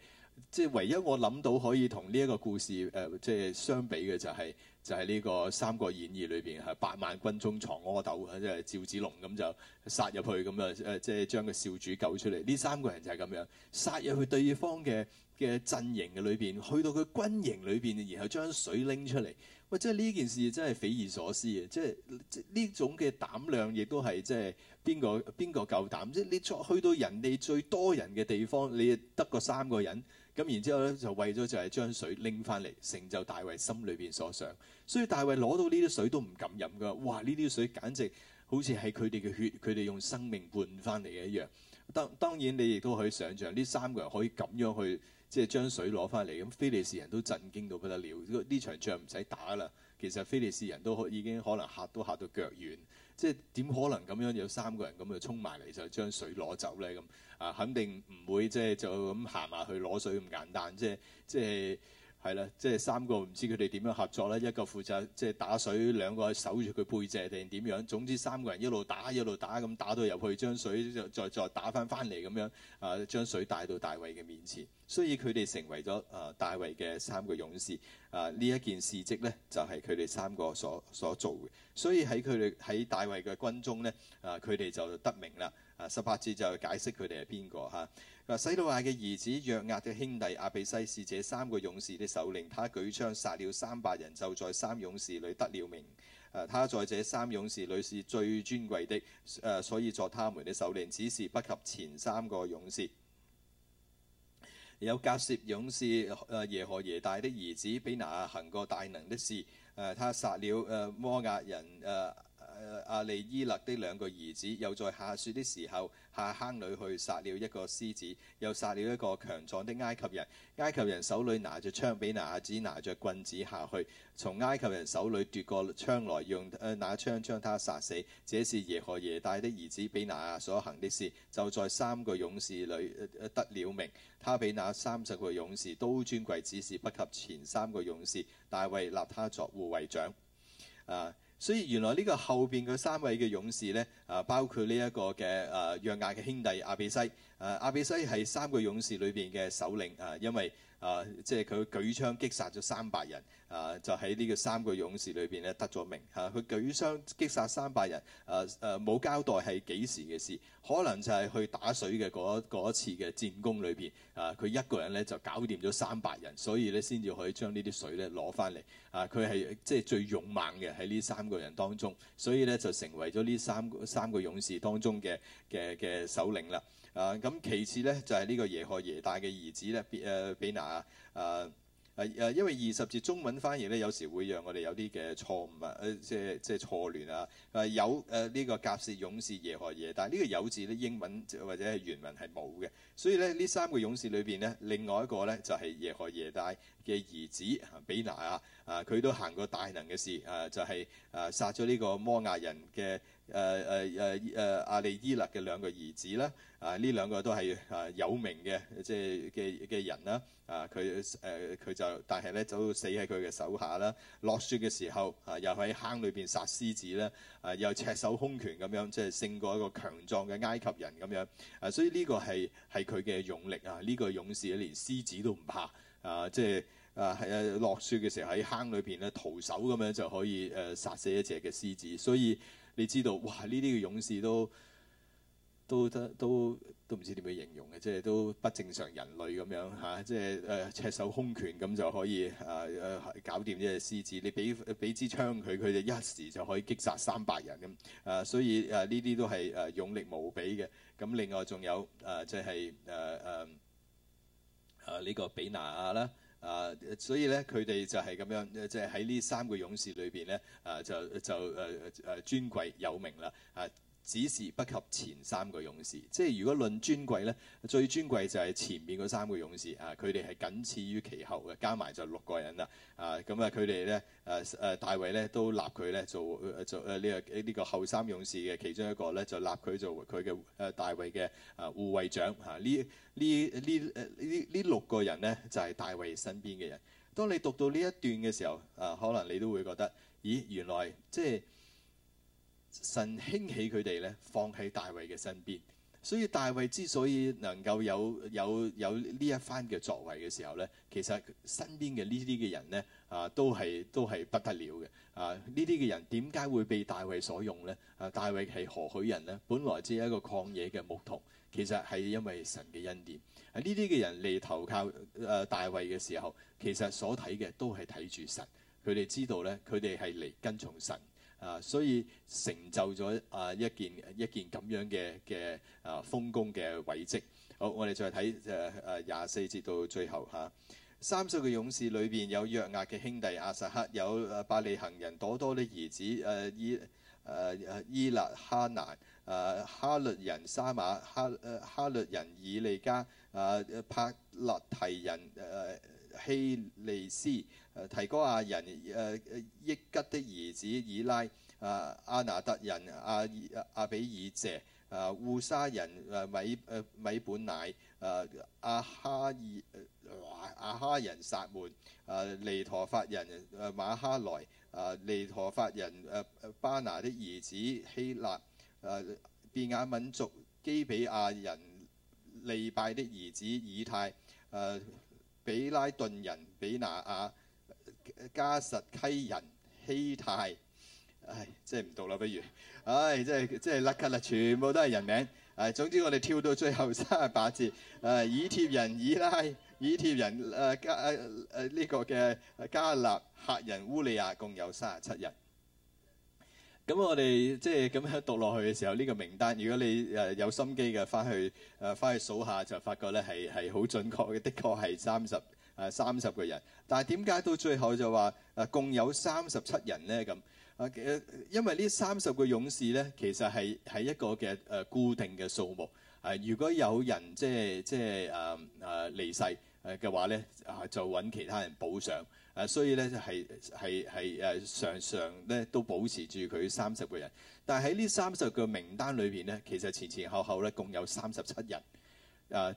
[SPEAKER 1] 即係唯一我諗到可以同呢一個故事誒即係相比嘅就係、是。就係呢個《三國演義》裏邊係八萬軍中藏阿斗，即係趙子龍咁就殺入去咁啊！即係將個少主救出嚟。呢三個人就係咁樣殺入去對方嘅嘅陣營嘅裏邊，去到佢軍營裏邊，然後將水拎出嚟。喂，即係呢件事真係匪夷所思嘅，即係即呢種嘅膽量，亦都係即係邊個邊個夠膽？即係你去到人哋最多人嘅地方，你得個三個人。咁然之後咧，就為咗就係將水拎翻嚟，成就大衛心裏邊所想。所以大衛攞到呢啲水都唔敢飲㗎。哇！呢啲水簡直好似係佢哋嘅血，佢哋用生命換翻嚟嘅一樣。當當然你亦都可以想像，呢三個人可以咁樣去即係將水攞翻嚟，咁非利士人都震驚到不得了。呢場仗唔使打啦。其實非利士人都已經可能嚇都嚇到腳軟。即係點可能咁樣有三個人咁就衝埋嚟就將水攞走咧咁？啊，肯定唔會即係就咁行下去攞水咁簡單，即係即係係啦，即係三個唔知佢哋點樣合作啦，一個負責即係打水，兩個守住佢背脊定點樣，總之三個人一路打一路打咁打到入去，將水再再再打翻翻嚟咁樣，啊將水帶到大衛嘅面前，所以佢哋成為咗啊大衛嘅三個勇士。啊呢一件事蹟咧，就係佢哋三個所所做嘅，所以喺佢哋喺大衛嘅軍中咧，啊佢哋就得名啦。啊、十八字就解釋佢哋係邊個哈？嗱、啊，洗魯阿嘅兒子約押嘅兄弟阿比西是這三個勇士的首領，他舉槍殺了三百人，就在三勇士裏得了名。誒、啊，他在這三勇士裏是最尊貴的，誒、啊，所以作他們的首領，只是不及前三個勇士。有甲薛勇士誒、啊、耶何耶大的兒子比拿行過大能的事，誒、啊，他殺了誒、啊、摩押人誒。啊阿、啊、利伊勒的兩個兒子，又在下雪的時候下坑裏去殺了一個獅子，又殺了一個強壯的埃及人。埃及人手裏拿着槍，比拿雅只拿着棍子下去，從埃及人手裏奪過槍來，用誒那槍將他殺死。這是耶何耶大的兒子比拿雅所行的事，就在三個勇士裏、呃、得了名。他比那三十個勇士都尊貴，只是不及前三個勇士。大衛立他作護衛長。啊！所以原來呢個後面嘅三位嘅勇士咧，啊，包括呢一個嘅啊約押嘅兄弟亞比篩。啊！亞比篩係三個勇士裏邊嘅首領啊，因為啊，即係佢舉槍擊殺咗三百人啊，就喺呢個三個勇士裏邊咧得咗名嚇。佢、啊、舉槍擊殺三百人，誒誒冇交代係幾時嘅事，可能就係去打水嘅嗰一次嘅戰功裏邊啊。佢一個人咧就搞掂咗三百人，所以咧先至可以將呢啲水咧攞翻嚟啊。佢係即係最勇猛嘅喺呢三個人當中，所以咧就成為咗呢三三個勇士當中嘅嘅嘅首領啦。啊，咁其次咧就係、是、呢個耶何耶大嘅兒子咧，比、呃、比拿啊，誒誒，因為二十節中文翻譯咧，有時會讓我哋有啲嘅錯誤、呃、錯啊，誒即係即係錯亂啊，誒有誒呢、啊這個甲薛勇士耶何耶大呢、這個有字咧英文或者係原文係冇嘅，所以咧呢三個勇士裏邊呢，另外一個咧就係、是、耶何耶大嘅兒子比拿啊，啊佢都行過大能嘅事啊，就係、是、誒、啊、殺咗呢個摩押人嘅。誒誒誒誒，亞利、啊啊啊啊、伊勒嘅兩個兒子啦，啊，呢兩個都係啊有名嘅，即係嘅嘅人啦。啊，佢誒佢就但係咧，走到死喺佢嘅手下啦、啊。落雪嘅時候，啊又喺坑裏邊殺獅子咧，啊又赤手空拳咁樣，即係勝，勝過一個強壯嘅埃及人咁樣。啊，所以呢個係係佢嘅勇力啊！呢、這個勇士連獅子都唔怕啊！即、就、係、是、啊，係誒落雪嘅時候喺坑裏邊咧徒手咁樣就可以誒、啊啊啊、殺死一隻嘅獅子，所以。啊你知道哇？呢啲嘅勇士都都得都都唔知點樣形容嘅，即係都不正常人類咁樣嚇、啊，即係誒、呃、赤手空拳咁就可以誒誒、啊、搞掂隻獅子。你俾俾支槍佢，佢就一時就可以擊殺三百人咁。誒、啊，所以誒呢啲都係誒、啊、勇力無比嘅。咁、啊、另外仲有誒即係誒誒誒呢個比拿亞啦。啊，uh, 所以咧，佢哋就係咁樣，即係喺呢三個勇士裏邊咧，啊，就就誒誒、啊、尊貴有名啦，啊。只是不及前三個勇士，即係如果論尊貴咧，最尊貴就係前面嗰三個勇士啊！佢哋係僅次於其後嘅，加埋就六個人啦啊！咁啊，佢哋咧誒誒，大衛咧都立佢咧做、啊、做呢、啊呢個呢、呢個、呢個、後三勇士嘅其中一個咧，就立佢做佢嘅誒大衛嘅啊護衛長嚇。呢呢呢呢呢六個人咧就係、是、大衛身邊嘅人。當你讀到呢一段嘅時候啊，可能你都會覺得咦，原來，原來即係。神興起佢哋呢，放喺大衛嘅身邊，所以大衛之所以能夠有有有呢一番嘅作為嘅時候呢，其實身邊嘅呢啲嘅人呢，啊，都係都係不得了嘅。啊，呢啲嘅人點解會被大衛所用呢？啊，大衛係何許人呢？本來只係一個曠野嘅牧童，其實係因為神嘅恩典。啊，呢啲嘅人嚟投靠誒大衛嘅時候，其實所睇嘅都係睇住神。佢哋知道呢，佢哋係嚟跟從神。啊，所以成就咗啊一件一件咁樣嘅嘅啊豐功嘅偉績。好，我哋再睇誒誒廿四節到最後嚇、啊。三十嘅勇士裏邊有約押嘅兄弟亞撒黑，有伯利恆人朵多的兒子誒、啊、伊誒、啊、伊勒哈難，誒、啊、哈律人沙馬，哈誒哈律人以利加，誒、啊、帕勒提人誒、啊、希利斯，提哥亞人誒誒、啊、益吉的兒子以拉啊，亞拿特人阿、啊、阿比以謝啊，烏沙人啊米誒米本乃啊阿哈爾阿、啊、哈人撒門啊，尼陀法人啊馬哈萊啊，尼陀法人誒、啊、巴拿的兒子希立啊，便雅憫族基比亞人利拜的兒子以太、誒、啊，比拉頓人比拿雅。加實溪人希太，唉，即係唔讀啦，不如，唉，即係即係甩咳啦，全部都係人名。唉，總之我哋跳到最後三十八字，唉，以帖人以拉以帖人，唉、啊、加唉唉呢個嘅加納客人烏利亞共有三十七人。咁我哋即係咁樣讀落去嘅時候，呢、這個名單，如果你唉、啊、有心機嘅，翻去唉翻、啊、去數下，就發覺呢係係好準確嘅，的確係三十。係三十個人，但係點解到最後就話誒共有三十七人咧咁？誒，因為呢三十個勇士咧，其實係係一個嘅誒固定嘅數目。誒，如果有人即係即係誒誒離世嘅話咧，就揾其他人補上。誒，所以咧就係係係誒常常咧都保持住佢三十個人。但係喺呢三十個名單裏邊咧，其實前前後後咧共有三十七人。啊，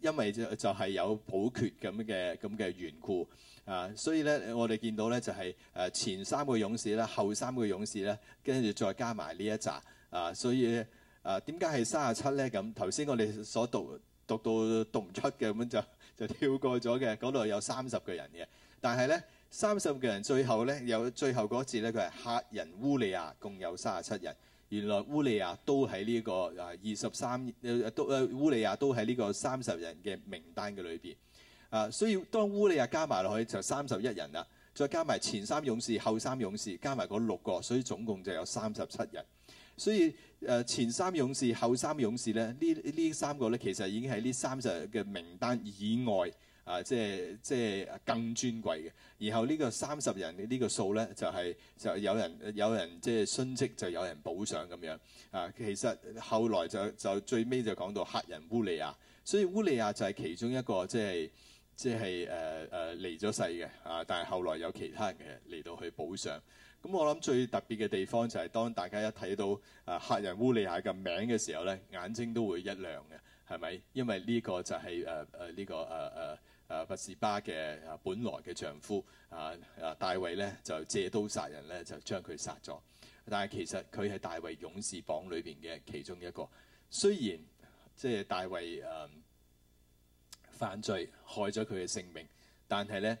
[SPEAKER 1] 因為就就係有補缺咁嘅咁嘅緣故啊，所以咧我哋見到咧就係、是、誒前三個勇士啦，後三個勇士咧，跟住再加埋呢一紮啊，所以啊點解係三十七咧？咁頭先我哋所讀讀到讀唔出嘅咁樣就就跳過咗嘅，嗰度有三十個人嘅，但係咧三十個人最後咧有最後嗰節咧佢係赫人烏利亞，共有三十七人。原來烏利亞都喺呢、這個啊二十三，都、啊、烏利亞都喺呢個三十人嘅名單嘅裏邊啊，所以當烏利亞加埋落去就三十一人啦，再加埋前三勇士、後三勇士，加埋嗰六個，所以總共就有三十七人。所以誒、啊，前三勇士、後三勇士咧，呢呢三個咧，其實已經喺呢三十人嘅名單以外。啊，即係即係更尊貴嘅。然後呢個三十人呢個數呢，就係、是、就有人有人即係殉職，就有人補上咁樣。啊，其實後來就就最尾就講到赫人烏利亞，所以烏利亞就係其中一個即係即係誒誒離咗世嘅。啊，但係後來有其他人嘅嚟到去補上。咁、啊、我諗最特別嘅地方就係當大家一睇到啊赫人烏利亞嘅名嘅時候呢，眼睛都會一亮嘅，係咪？因為呢個就係誒誒呢個誒誒。呃呃呃呃呃呃誒拔、啊、示巴嘅誒本來嘅丈夫啊啊，大衛咧就借刀殺人咧，就將佢殺咗。但係其實佢係大衛勇士榜裏邊嘅其中一個。雖然即係、就是、大衛誒、啊、犯罪害咗佢嘅性命，但係咧。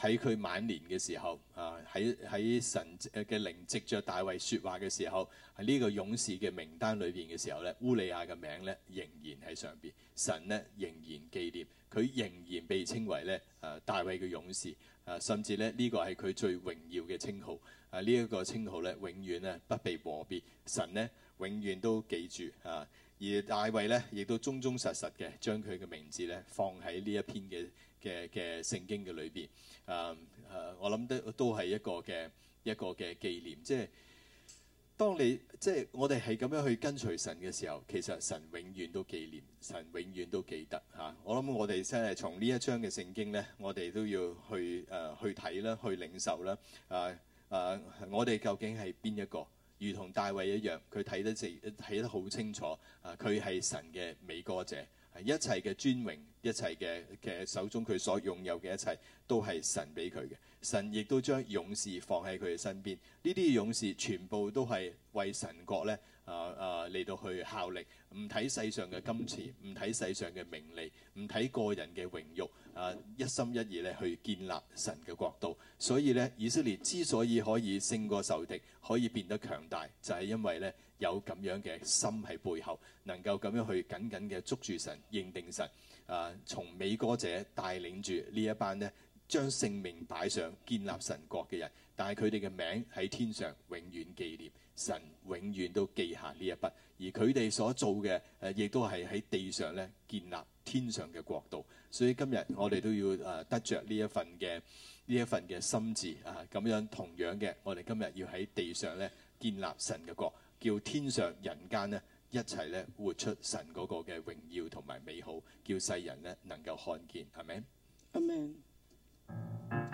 [SPEAKER 1] 喺佢晚年嘅時候，啊喺喺神嘅靈藉着大衛說話嘅時候，喺、啊、呢、呢個勇士嘅名單裏邊嘅時候咧，烏利亞嘅名咧仍然喺上邊，神咧仍然記念，佢仍然被稱為咧啊大衛嘅勇士啊，甚至咧呢、呢個係佢最榮耀嘅稱號啊、呢個、稱號呢一個稱號咧永遠咧不被磨滅，神咧永遠都記住啊，而大衛咧亦都忠忠實實嘅將佢嘅名字咧放喺呢一篇嘅。嘅嘅聖經嘅裏邊，誒、um, 誒、啊，我諗得都係一個嘅一個嘅紀念，即、就、係、是、當你即係、就是、我哋係咁樣去跟隨神嘅時候，其實神永遠都紀念，神永遠都記得嚇、啊。我諗我哋真係從呢一章嘅聖經呢，我哋都要去誒、啊、去睇啦，去領受啦。誒、啊、誒、啊，我哋究竟係邊一個？如同大衛一樣，佢睇得清，睇得好清楚。誒、啊，佢係神嘅美歌者。一切嘅尊榮，一切嘅嘅手中佢所擁有嘅一切都係神俾佢嘅。神亦都將勇士放喺佢嘅身邊，呢啲勇士全部都係為神國咧。啊啊嚟到去效力，唔睇世上嘅金錢，唔睇世上嘅名利，唔睇個人嘅榮譽，啊，一心一意咧去建立神嘅國度。所以咧，以色列之所以可以勝過仇敵，可以變得強大，就係因為咧有咁樣嘅心喺背後，能夠咁樣去緊緊嘅捉住神，認定神。啊，從美歌者帶領住呢一班咧，將性命擺上建立神國嘅人，但係佢哋嘅名喺天上永遠記念。神永遠都記下呢一筆，而佢哋所做嘅誒，亦都係喺地上咧建立天上嘅國度。所以今日我哋都要誒得著呢一份嘅呢一份嘅心志啊，咁樣同樣嘅，我哋今日要喺地上咧建立神嘅國，叫天上人間咧一齊咧活出神嗰個嘅榮耀同埋美好，叫世人咧能夠看見，係咪？阿門。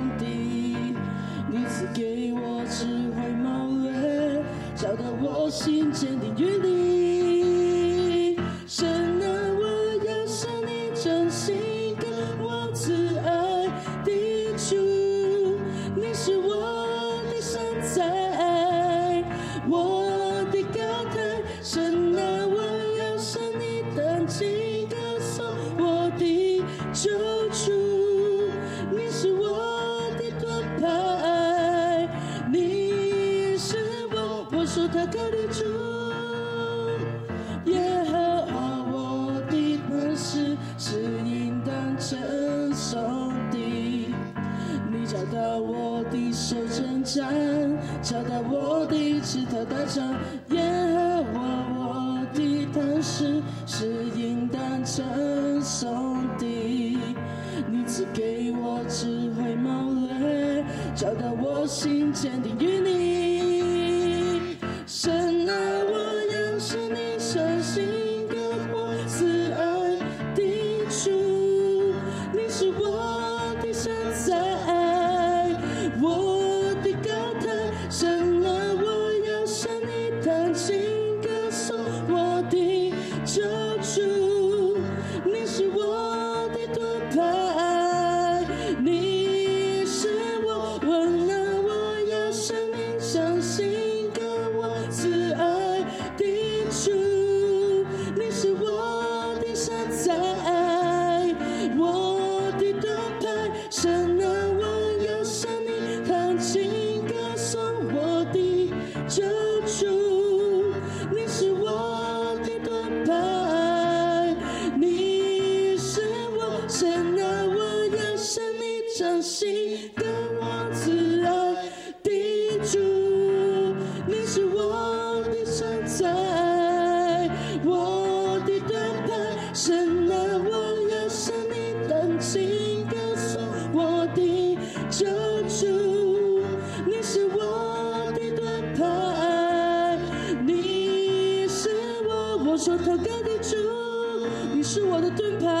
[SPEAKER 2] 心堅定，與你。是我的盾牌。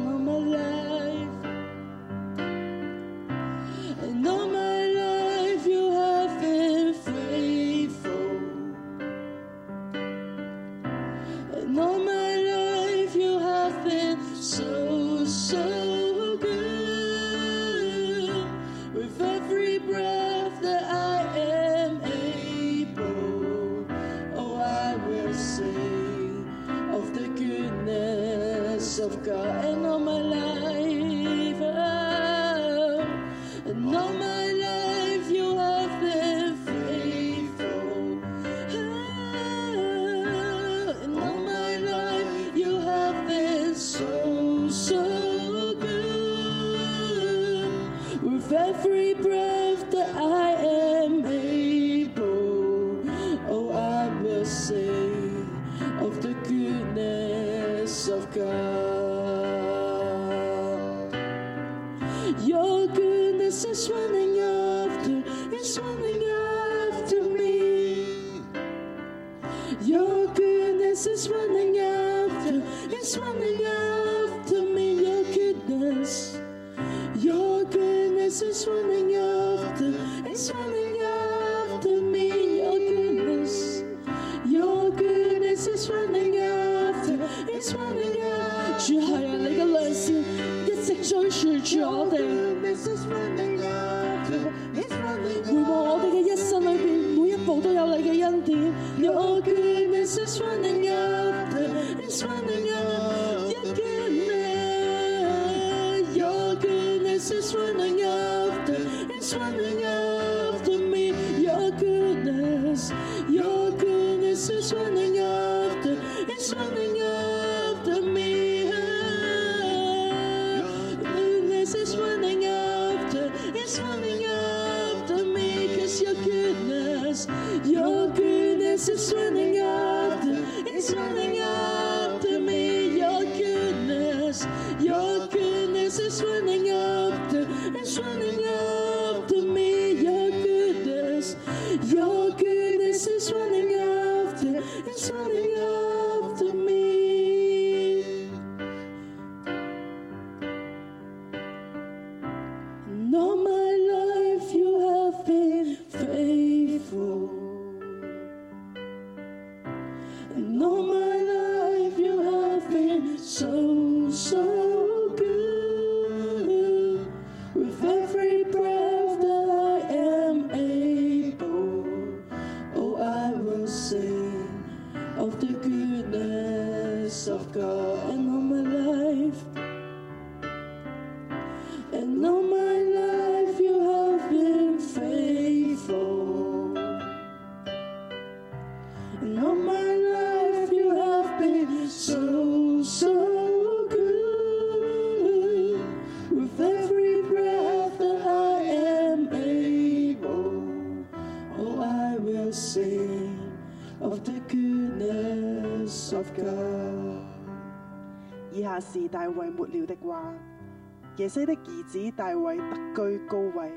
[SPEAKER 3] 耶西的兒子大衛得居高位，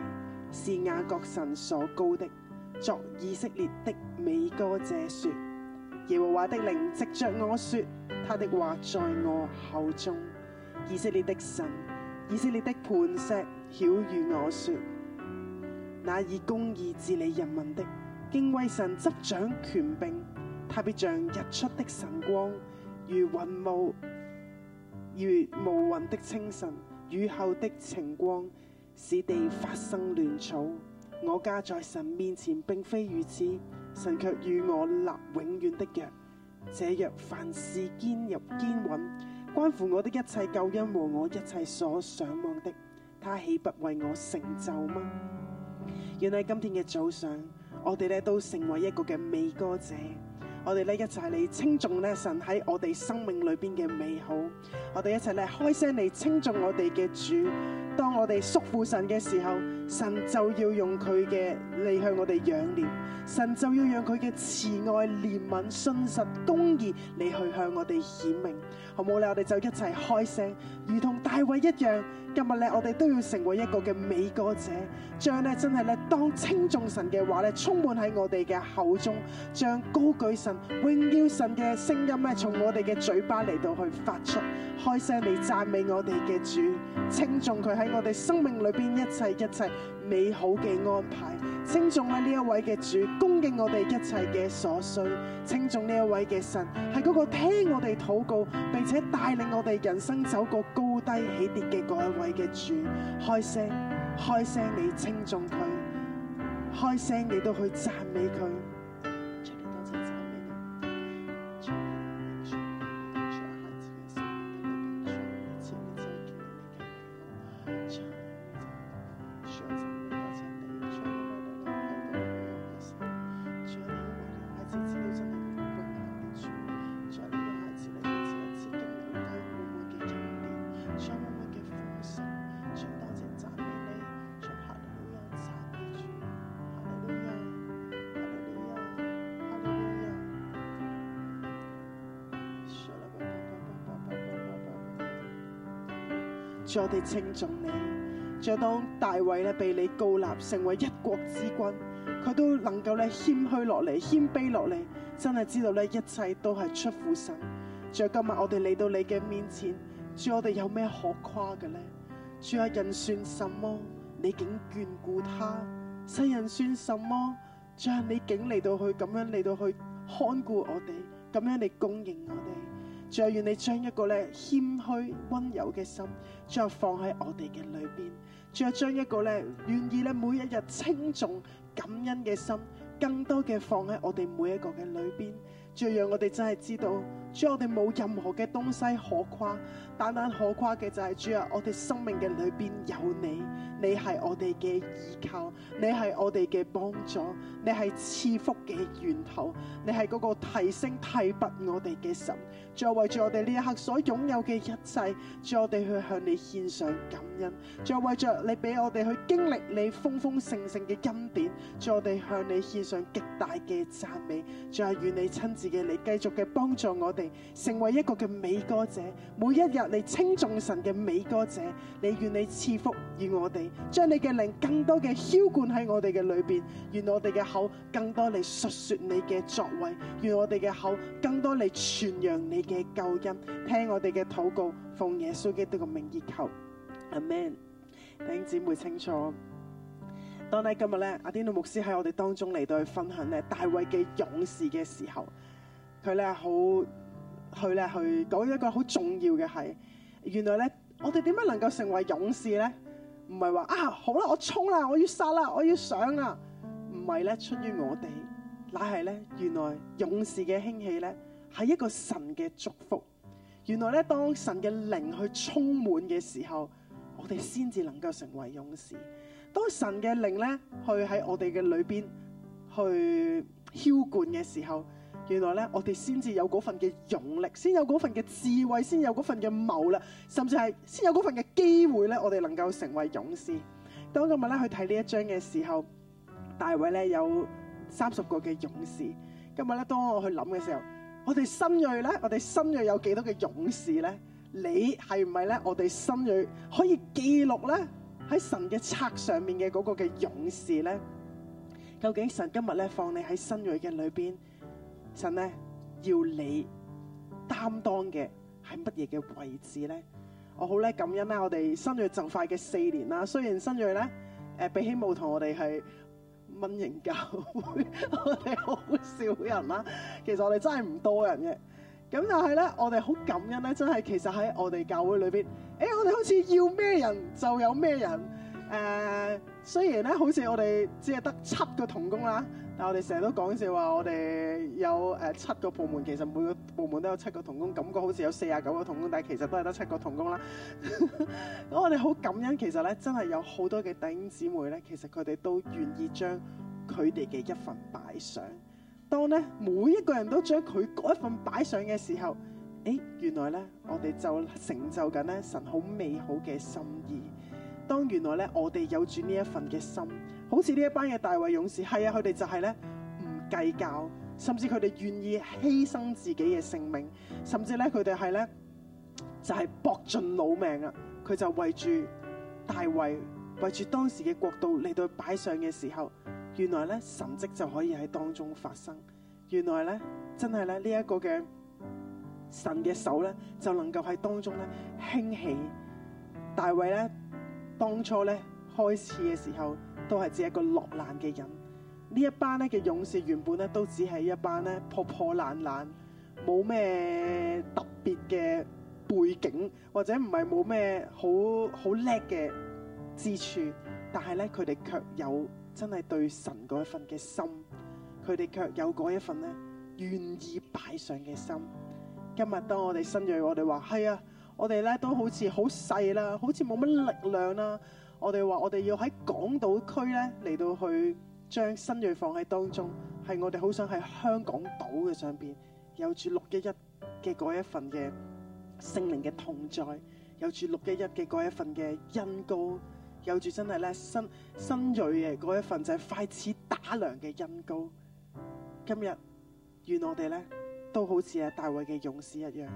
[SPEAKER 3] 是雅各神所高的，作以色列的美歌者說：耶和華的靈藉着我說，他的話在我口中。以色列的神，以色列的磐石，曉諭我說：那以公義治理人民的，敬畏神執掌權柄，他必像日出的晨光，如雲霧，如無雲的清晨。雨後的晴光，使地發生亂草，我家在神面前並非如此，神卻與我立永遠的約，這約凡事堅入堅穩，關乎我的一切救恩和我一切所想望的，他豈不為我成就嗎？願喺今天嘅早上，我哋呢都成為一個嘅美歌者。我哋咧一齊嚟稱頌咧神喺我哋生命裏邊嘅美好，我哋一齊咧開聲嚟稱頌我哋嘅主，當我哋屬乎神嘅時候，神就要用佢嘅嚟向我哋仰臉，神就要讓佢嘅慈愛、憐憫、信實、公義，你去向我哋顯明，好唔好咧？我哋就一齊開聲，如同大衛一樣。今日咧，我哋都要成為一個嘅美歌者，將咧真係咧當稱頌神嘅話咧，充滿喺我哋嘅口中，將高舉神、榮耀神嘅聲音咧，從我哋嘅嘴巴嚟到去發出，開聲嚟讚美我哋嘅主，稱頌佢喺我哋生命裏邊一切一切，美好嘅安排，稱頌呢呢一位嘅主，供應我哋一切嘅所需，稱頌呢一位嘅神，係嗰個聽我哋禱告，並且帶領我哋人生走過高低起跌嘅嗰一位嘅主，開聲，開聲，你稱頌佢，開聲，你都去讚美佢。我哋稱重你，再當大衛咧被你告立成為一國之君，佢都能夠咧謙虛落嚟，謙卑落嚟，真係知道咧一切都係出乎神。仲有今日我哋嚟到你嘅面前，主，我哋有咩可誇嘅呢？主啊，人算什麼？你竟眷顧他，世人算什麼？主你竟嚟到去咁樣嚟到去看顧我哋，咁樣嚟供應我哋。再願你將一個咧謙虛溫柔嘅心，再放喺我哋嘅裏邊；再將一個咧願意咧每一日稱重感恩嘅心，更多嘅放喺我哋每一個嘅裏邊；最讓我哋真係知道。主，我哋冇任何嘅東西可誇，單單可誇嘅就係主啊！我哋生命嘅裏邊有你，你係我哋嘅依靠，你係我哋嘅幫助，你係賜福嘅源頭，你係個提升提拔我哋嘅神。再、啊、為著我哋呢一刻所擁有嘅一切，在、啊、我哋去向你獻上感恩，再為着你俾我哋去經歷你豐豐盛盛嘅恩典，在、啊、我哋、啊、向你獻上極大嘅讚美，係願、啊、你親自嘅你繼續嘅幫助我哋。成為一個嘅美歌者，每一日你稱頌神嘅美歌者，你願你賜福與我哋，將你嘅靈更多嘅澆灌喺我哋嘅裏邊，願我哋嘅口更多嚟述說你嘅作為，願我哋嘅口更多嚟傳揚你嘅救恩，聽我哋嘅禱告，奉耶穌基督嘅名而求，阿門。弟兄姐妹清楚，當你今日咧，Adino 牧師喺我哋當中嚟到去分享咧，大衛嘅勇士嘅時候，佢咧好。去咧去講一個好重要嘅，係原來咧我哋點樣能夠成為勇士咧？唔係話啊好啦，我衝啦，我要殺啦，我要上啦，唔係咧出於我哋，乃係咧原來勇士嘅興起咧係一個神嘅祝福。原來咧當神嘅靈去充滿嘅時候，我哋先至能夠成為勇士。當神嘅靈咧去喺我哋嘅裏邊去澆灌嘅時候。原來咧，我哋先至有嗰份嘅勇力，先有嗰份嘅智慧，先有嗰份嘅謀略，甚至係先有嗰份嘅機會咧，我哋能夠成為勇士。當今日咧去睇呢一章嘅時候，大衛咧有三十個嘅勇士。今日咧，當我去諗嘅時候，我哋新銳咧，我哋新銳有幾多嘅勇士咧？你係唔係咧？我哋新銳可以記錄咧喺神嘅冊上面嘅嗰個嘅勇士咧？究竟神今日咧放你喺新銳嘅裏邊？神咧要你擔當嘅係乜嘢嘅位置咧？我好咧感恩啦！我哋新銳就快嘅四年啦，雖然新銳咧誒比起母堂我哋係蚊型教會，我哋好少人啦，其實我哋真係唔多人嘅。咁但係咧，我哋好感恩咧，真係其實喺我哋教會裏邊，誒我哋好似要咩人就有咩人。誒雖然咧好似我哋只係得七個同工啦。但我哋成日都講笑話，我哋有誒七個部門，其實每個部門都有七個同工，感覺好似有四十九個同工，但係其實都係得七個同工啦。咁 我哋好感恩，其實咧真係有好多嘅弟兄姊妹咧，其實佢哋都願意將佢哋嘅一份擺上。當咧每一個人都將佢嗰一份擺上嘅時候，誒、欸、原來咧我哋就成就緊咧神好美好嘅心意。當原來咧我哋有住呢一份嘅心。好似呢一班嘅大衛勇士，係啊，佢哋就係咧唔計較，甚至佢哋願意犧牲自己嘅性命，甚至咧佢哋係咧就係、是、搏盡老命啊！佢就為住大衛，為住當時嘅國度嚟到擺上嘅時候，原來咧神跡就可以喺當中發生。原來咧真係咧呢一、這個嘅神嘅手咧就能夠喺當中咧興起大衛咧當初咧開始嘅時候，都係只一個落難嘅人，呢一班咧嘅勇士原本咧都只係一班咧破破爛爛，冇咩特別嘅背景，或者唔係冇咩好好叻嘅之處，但係咧佢哋卻有真係對神嗰一份嘅心，佢哋卻有嗰一份咧願意擺上嘅心。今日當我哋新銳，我哋話係啊，我哋咧都好似好細啦，好似冇乜力量啦。我哋話我哋要喺港島區咧嚟到去將新銳放喺當中，係我哋好想喺香港島嘅上邊有住六一一嘅嗰一份嘅聖靈嘅同在，有住六一一嘅嗰一份嘅恩膏，有住真係咧新新銳嘅嗰一份就係快似打糧嘅恩膏。今日願我哋咧都好似阿大衛嘅勇士一樣，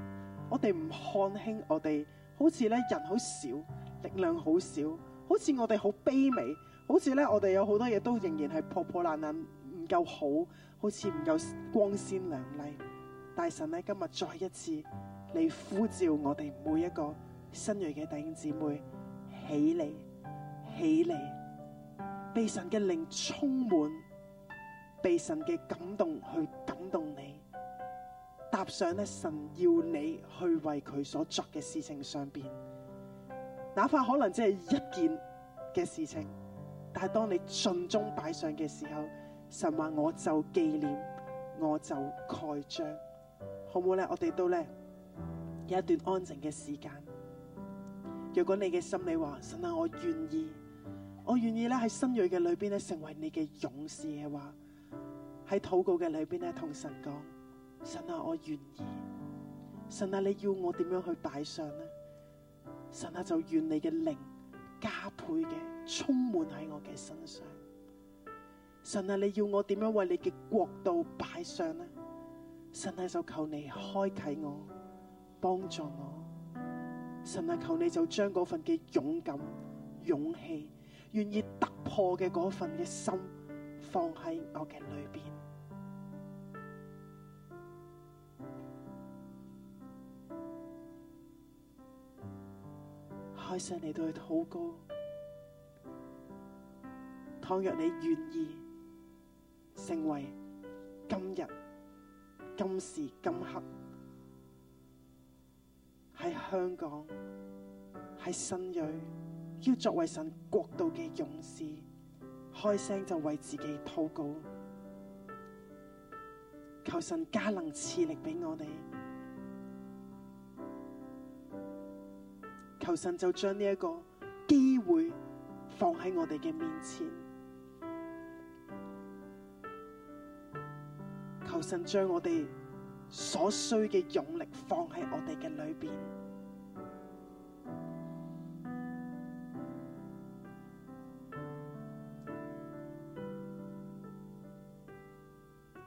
[SPEAKER 3] 我哋唔看輕我哋，好似咧人好少，力量好少，好似我哋好卑微，好似咧我哋有好多嘢都仍然係破破爛爛，唔夠好，好似唔夠光鮮亮麗。大神咧，今日再一次，你呼召我哋每一個新銳嘅弟兄姊妹，起嚟，起嚟，被神嘅靈充滿，被神嘅感動去感動你，踏上咧神要你去為佢所作嘅事情上邊。哪怕可能只係一件嘅事情，但係當你盡忠擺上嘅時候，神話我就紀念，我就蓋章，好唔好咧？我哋都咧有一段安靜嘅時間。若果你嘅心裏話，神啊，我願意，我願意咧喺新銳嘅裏邊咧成為你嘅勇士嘅話，喺禱告嘅裏邊咧同神講，神啊，我願意，神啊，你要我點樣去擺上呢？神啊，就願你嘅靈加倍嘅充滿喺我嘅身上。神啊，你要我點樣為你嘅國度擺上呢？神啊，就求你開啟我，幫助我。神啊，求你就將嗰份嘅勇敢、勇氣、願意突破嘅嗰份嘅心，放喺我嘅裏邊。開聲嚟到去禱告，倘若你願意成為今日今時今刻喺香港喺新銳，要作為神國度嘅勇士，開聲就為自己禱告，求神加能賜力畀我哋。求神就將呢一個機會放喺我哋嘅面前，求神將我哋所需嘅勇力放喺我哋嘅裏邊，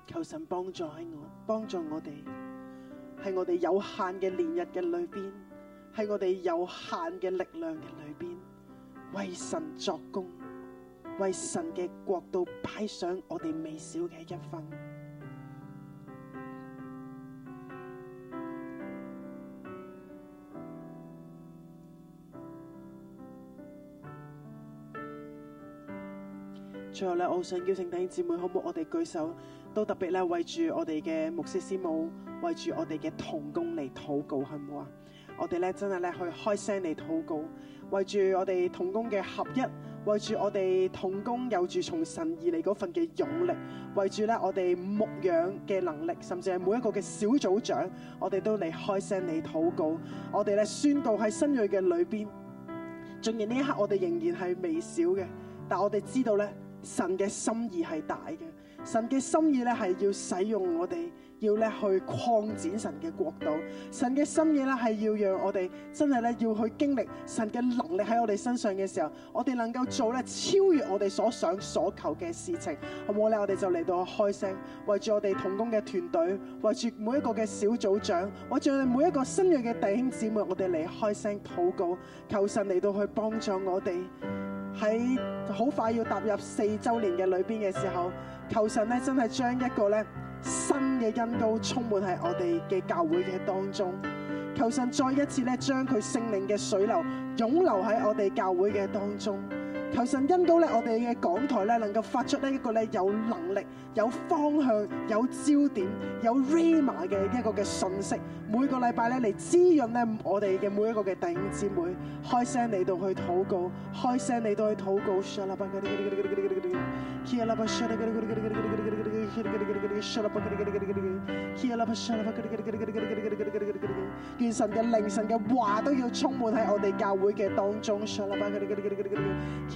[SPEAKER 3] 求神幫助喺我，幫助我哋，喺我哋有限嘅年日嘅裏邊，喺我哋有限嘅力量嘅裏邊，為神作工，為神嘅國度擺上我哋微小嘅一份。 最後咧，我想邀請弟兄姊妹，好唔好？我哋舉手，都特別咧為住我哋嘅牧師師母，為住我哋嘅同工嚟禱告，好唔好啊？我哋咧真係咧去開聲嚟禱告，為住我哋同工嘅合一，為住我哋同工有住從神而嚟嗰份嘅勇力，為住咧我哋牧養嘅能力，甚至係每一個嘅小組長，我哋都嚟開聲嚟禱告。我哋咧宣告喺新銳嘅裏邊，縱然呢一刻我哋仍然係微小嘅，但我哋知道咧神嘅心意係大嘅，神嘅心意咧係要使用我哋。要咧去擴展神嘅國度，神嘅心意咧係要讓我哋真係咧要去經歷神嘅能力喺我哋身上嘅時候，我哋能夠做咧超越我哋所想所求嘅事情，好唔好咧？我哋就嚟到開聲，為住我哋同工嘅團隊，為住每一個嘅小組長，為住每一個新銳嘅弟兄姊妹，我哋嚟開聲禱告，求神嚟到去幫助我哋喺好快要踏入四週年嘅裏邊嘅時候，求神咧真係將一個咧。新嘅恩膏充滿喺我哋嘅教會嘅當中，求神再一次咧將佢聖靈嘅水流湧流喺我哋教會嘅當中。求神恩膏咧，我哋嘅講台咧能夠發出咧一個咧有能力、有方向、有焦點、有 rhema 嘅一個嘅信息，每個禮拜咧嚟滋潤咧我哋嘅每一個嘅弟兄姊妹，開聲嚟到去禱告，開聲嚟到去禱告。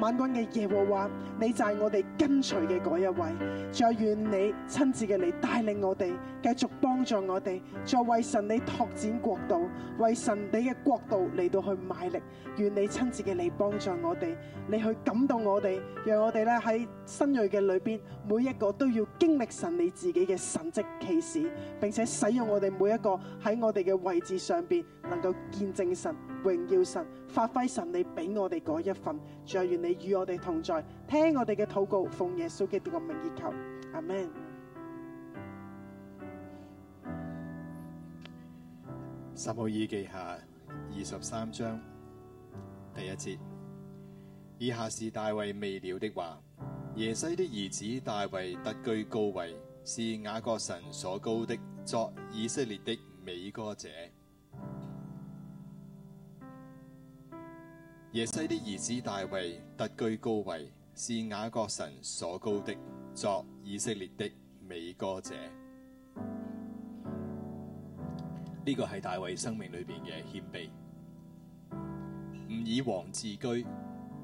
[SPEAKER 3] 萬軍嘅耶和華，你就係我哋跟隨嘅嗰一位。再願你親自嘅嚟帶領我哋，繼續幫助我哋，再為神你拓展國度，為神你嘅國度嚟到去賣力。願你親自嘅嚟幫助我哋，你去感動我哋，讓我哋咧喺新銳嘅裏邊，每一個都要經歷神你自己嘅神蹟奇事，並且使用我哋每一個喺我哋嘅位置上邊，能夠見證神。榮耀神，發揮神力俾我哋嗰一份。主啊，願你與我哋同在，聽我哋嘅禱告，奉耶穌基督嘅名而求。阿門。
[SPEAKER 1] 撒母耳記下二十三章第一節，以下是大衛未了的話：耶西的兒子大衛，得居高位，是雅各神所高的，作以色列的美歌者。耶西的兒子大衛得居高位，是雅各神所高的，作以色列的美歌者。呢、這個係大衛生命裏邊嘅謙卑，唔以王自居，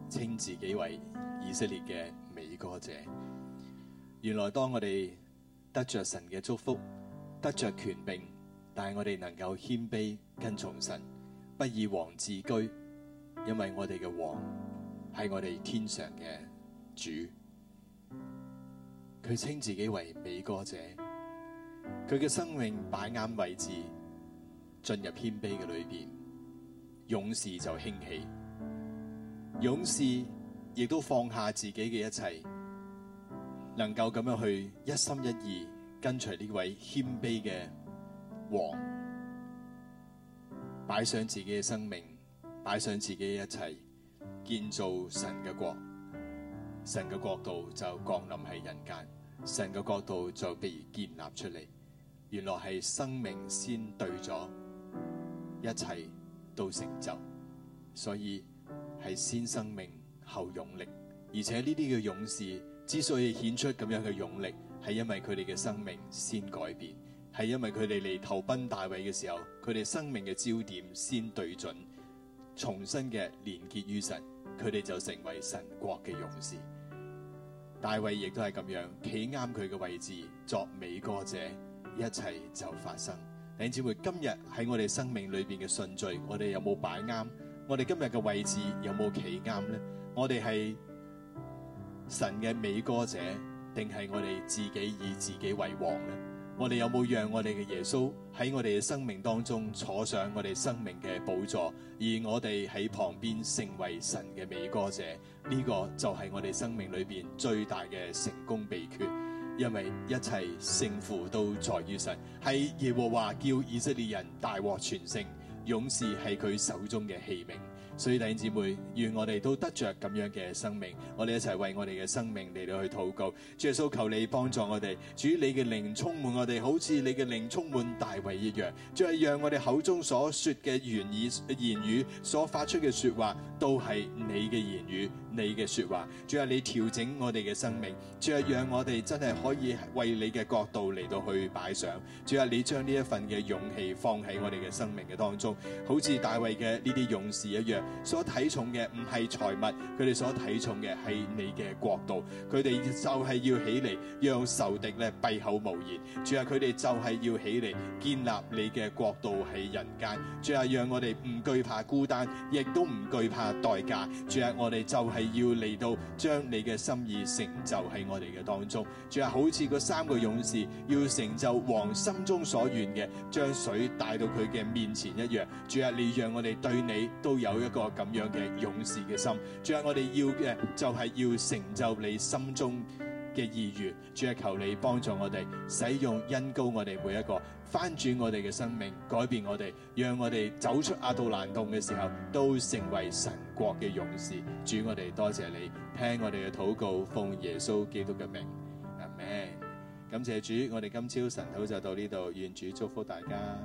[SPEAKER 1] 稱自己為以色列嘅美歌者。原來當我哋得着神嘅祝福，得着權柄，但係我哋能夠謙卑跟從神，不以王自居。因為我哋嘅王係我哋天上嘅主，佢稱自己為美歌者，佢嘅生命擺啱位置，進入謙卑嘅裏邊，勇士就興起，勇士亦都放下自己嘅一切，能夠咁樣去一心一意跟隨呢位謙卑嘅王，擺上自己嘅生命。擺上自己一切，建造神嘅國，神嘅國度就降臨喺人間，神嘅國度就被建立出嚟。原來係生命先對咗，一切都成就。所以係先生命後勇力，而且呢啲嘅勇士之所以顯出咁樣嘅勇力，係因為佢哋嘅生命先改變，係因為佢哋嚟投奔大衛嘅時候，佢哋生命嘅焦點先對準。重新嘅連結於神，佢哋就成為神國嘅勇士。大衛亦都係咁樣，企啱佢嘅位置作美歌者，一切就發生。弟兄姊今日喺我哋生命裏邊嘅順序，我哋有冇擺啱？我哋今日嘅位置有冇企啱呢？我哋係神嘅美歌者，定係我哋自己以自己為王呢？我哋有冇讓我哋嘅耶穌喺我哋嘅生命當中坐上我哋生命嘅寶座，而我哋喺旁邊成為神嘅美歌者？呢、呢個就係我哋生命裏邊最大嘅成功秘訣。因為一切勝負都在於神，係耶和華叫以色列人大獲全勝，勇士係佢手中嘅器皿。所以弟兄姊妹，願我哋都得着咁樣嘅生命，我哋一齊為我哋嘅生命嚟到去禱告。主啊，所求你幫助我哋，主你嘅靈充滿我哋，好似你嘅靈充滿大衛一樣。主啊，讓我哋口中所說嘅言語，言語所發出嘅說話都係你嘅言語你嘅說話，主啊，你調整我哋嘅生命，主啊，讓我哋真係可以為你嘅角度嚟到去擺上。主啊，你將呢一份嘅勇氣放喺我哋嘅生命嘅當中，好似大衛嘅呢啲勇士一樣。所睇重嘅唔係財物，佢哋所睇重嘅係你嘅國度。佢哋就係要起嚟，讓仇敵咧閉口無言。主啊，佢哋就係要起嚟，建立你嘅國度喺人間。主啊，讓我哋唔懼怕孤單，亦都唔懼怕代價。主啊，我哋就係要嚟到將你嘅心意成就喺我哋嘅當中。主啊，好似 𠮶 三個勇士要成就王心中所願嘅，將水帶到佢嘅面前一樣。主啊，你讓我哋對你都有個咁樣嘅勇士嘅心，仲有，我哋要嘅就係要成就你心中嘅意願，主啊，求你幫助我哋，使用恩膏我哋每一個，翻轉我哋嘅生命，改變我哋，讓我哋走出阿杜蘭洞嘅時候，都成為神國嘅勇士。主我哋多謝你，聽我哋嘅禱告，奉耶穌基督嘅名，阿門。感謝主，我哋今朝晨禱就到呢度，願主祝福大家。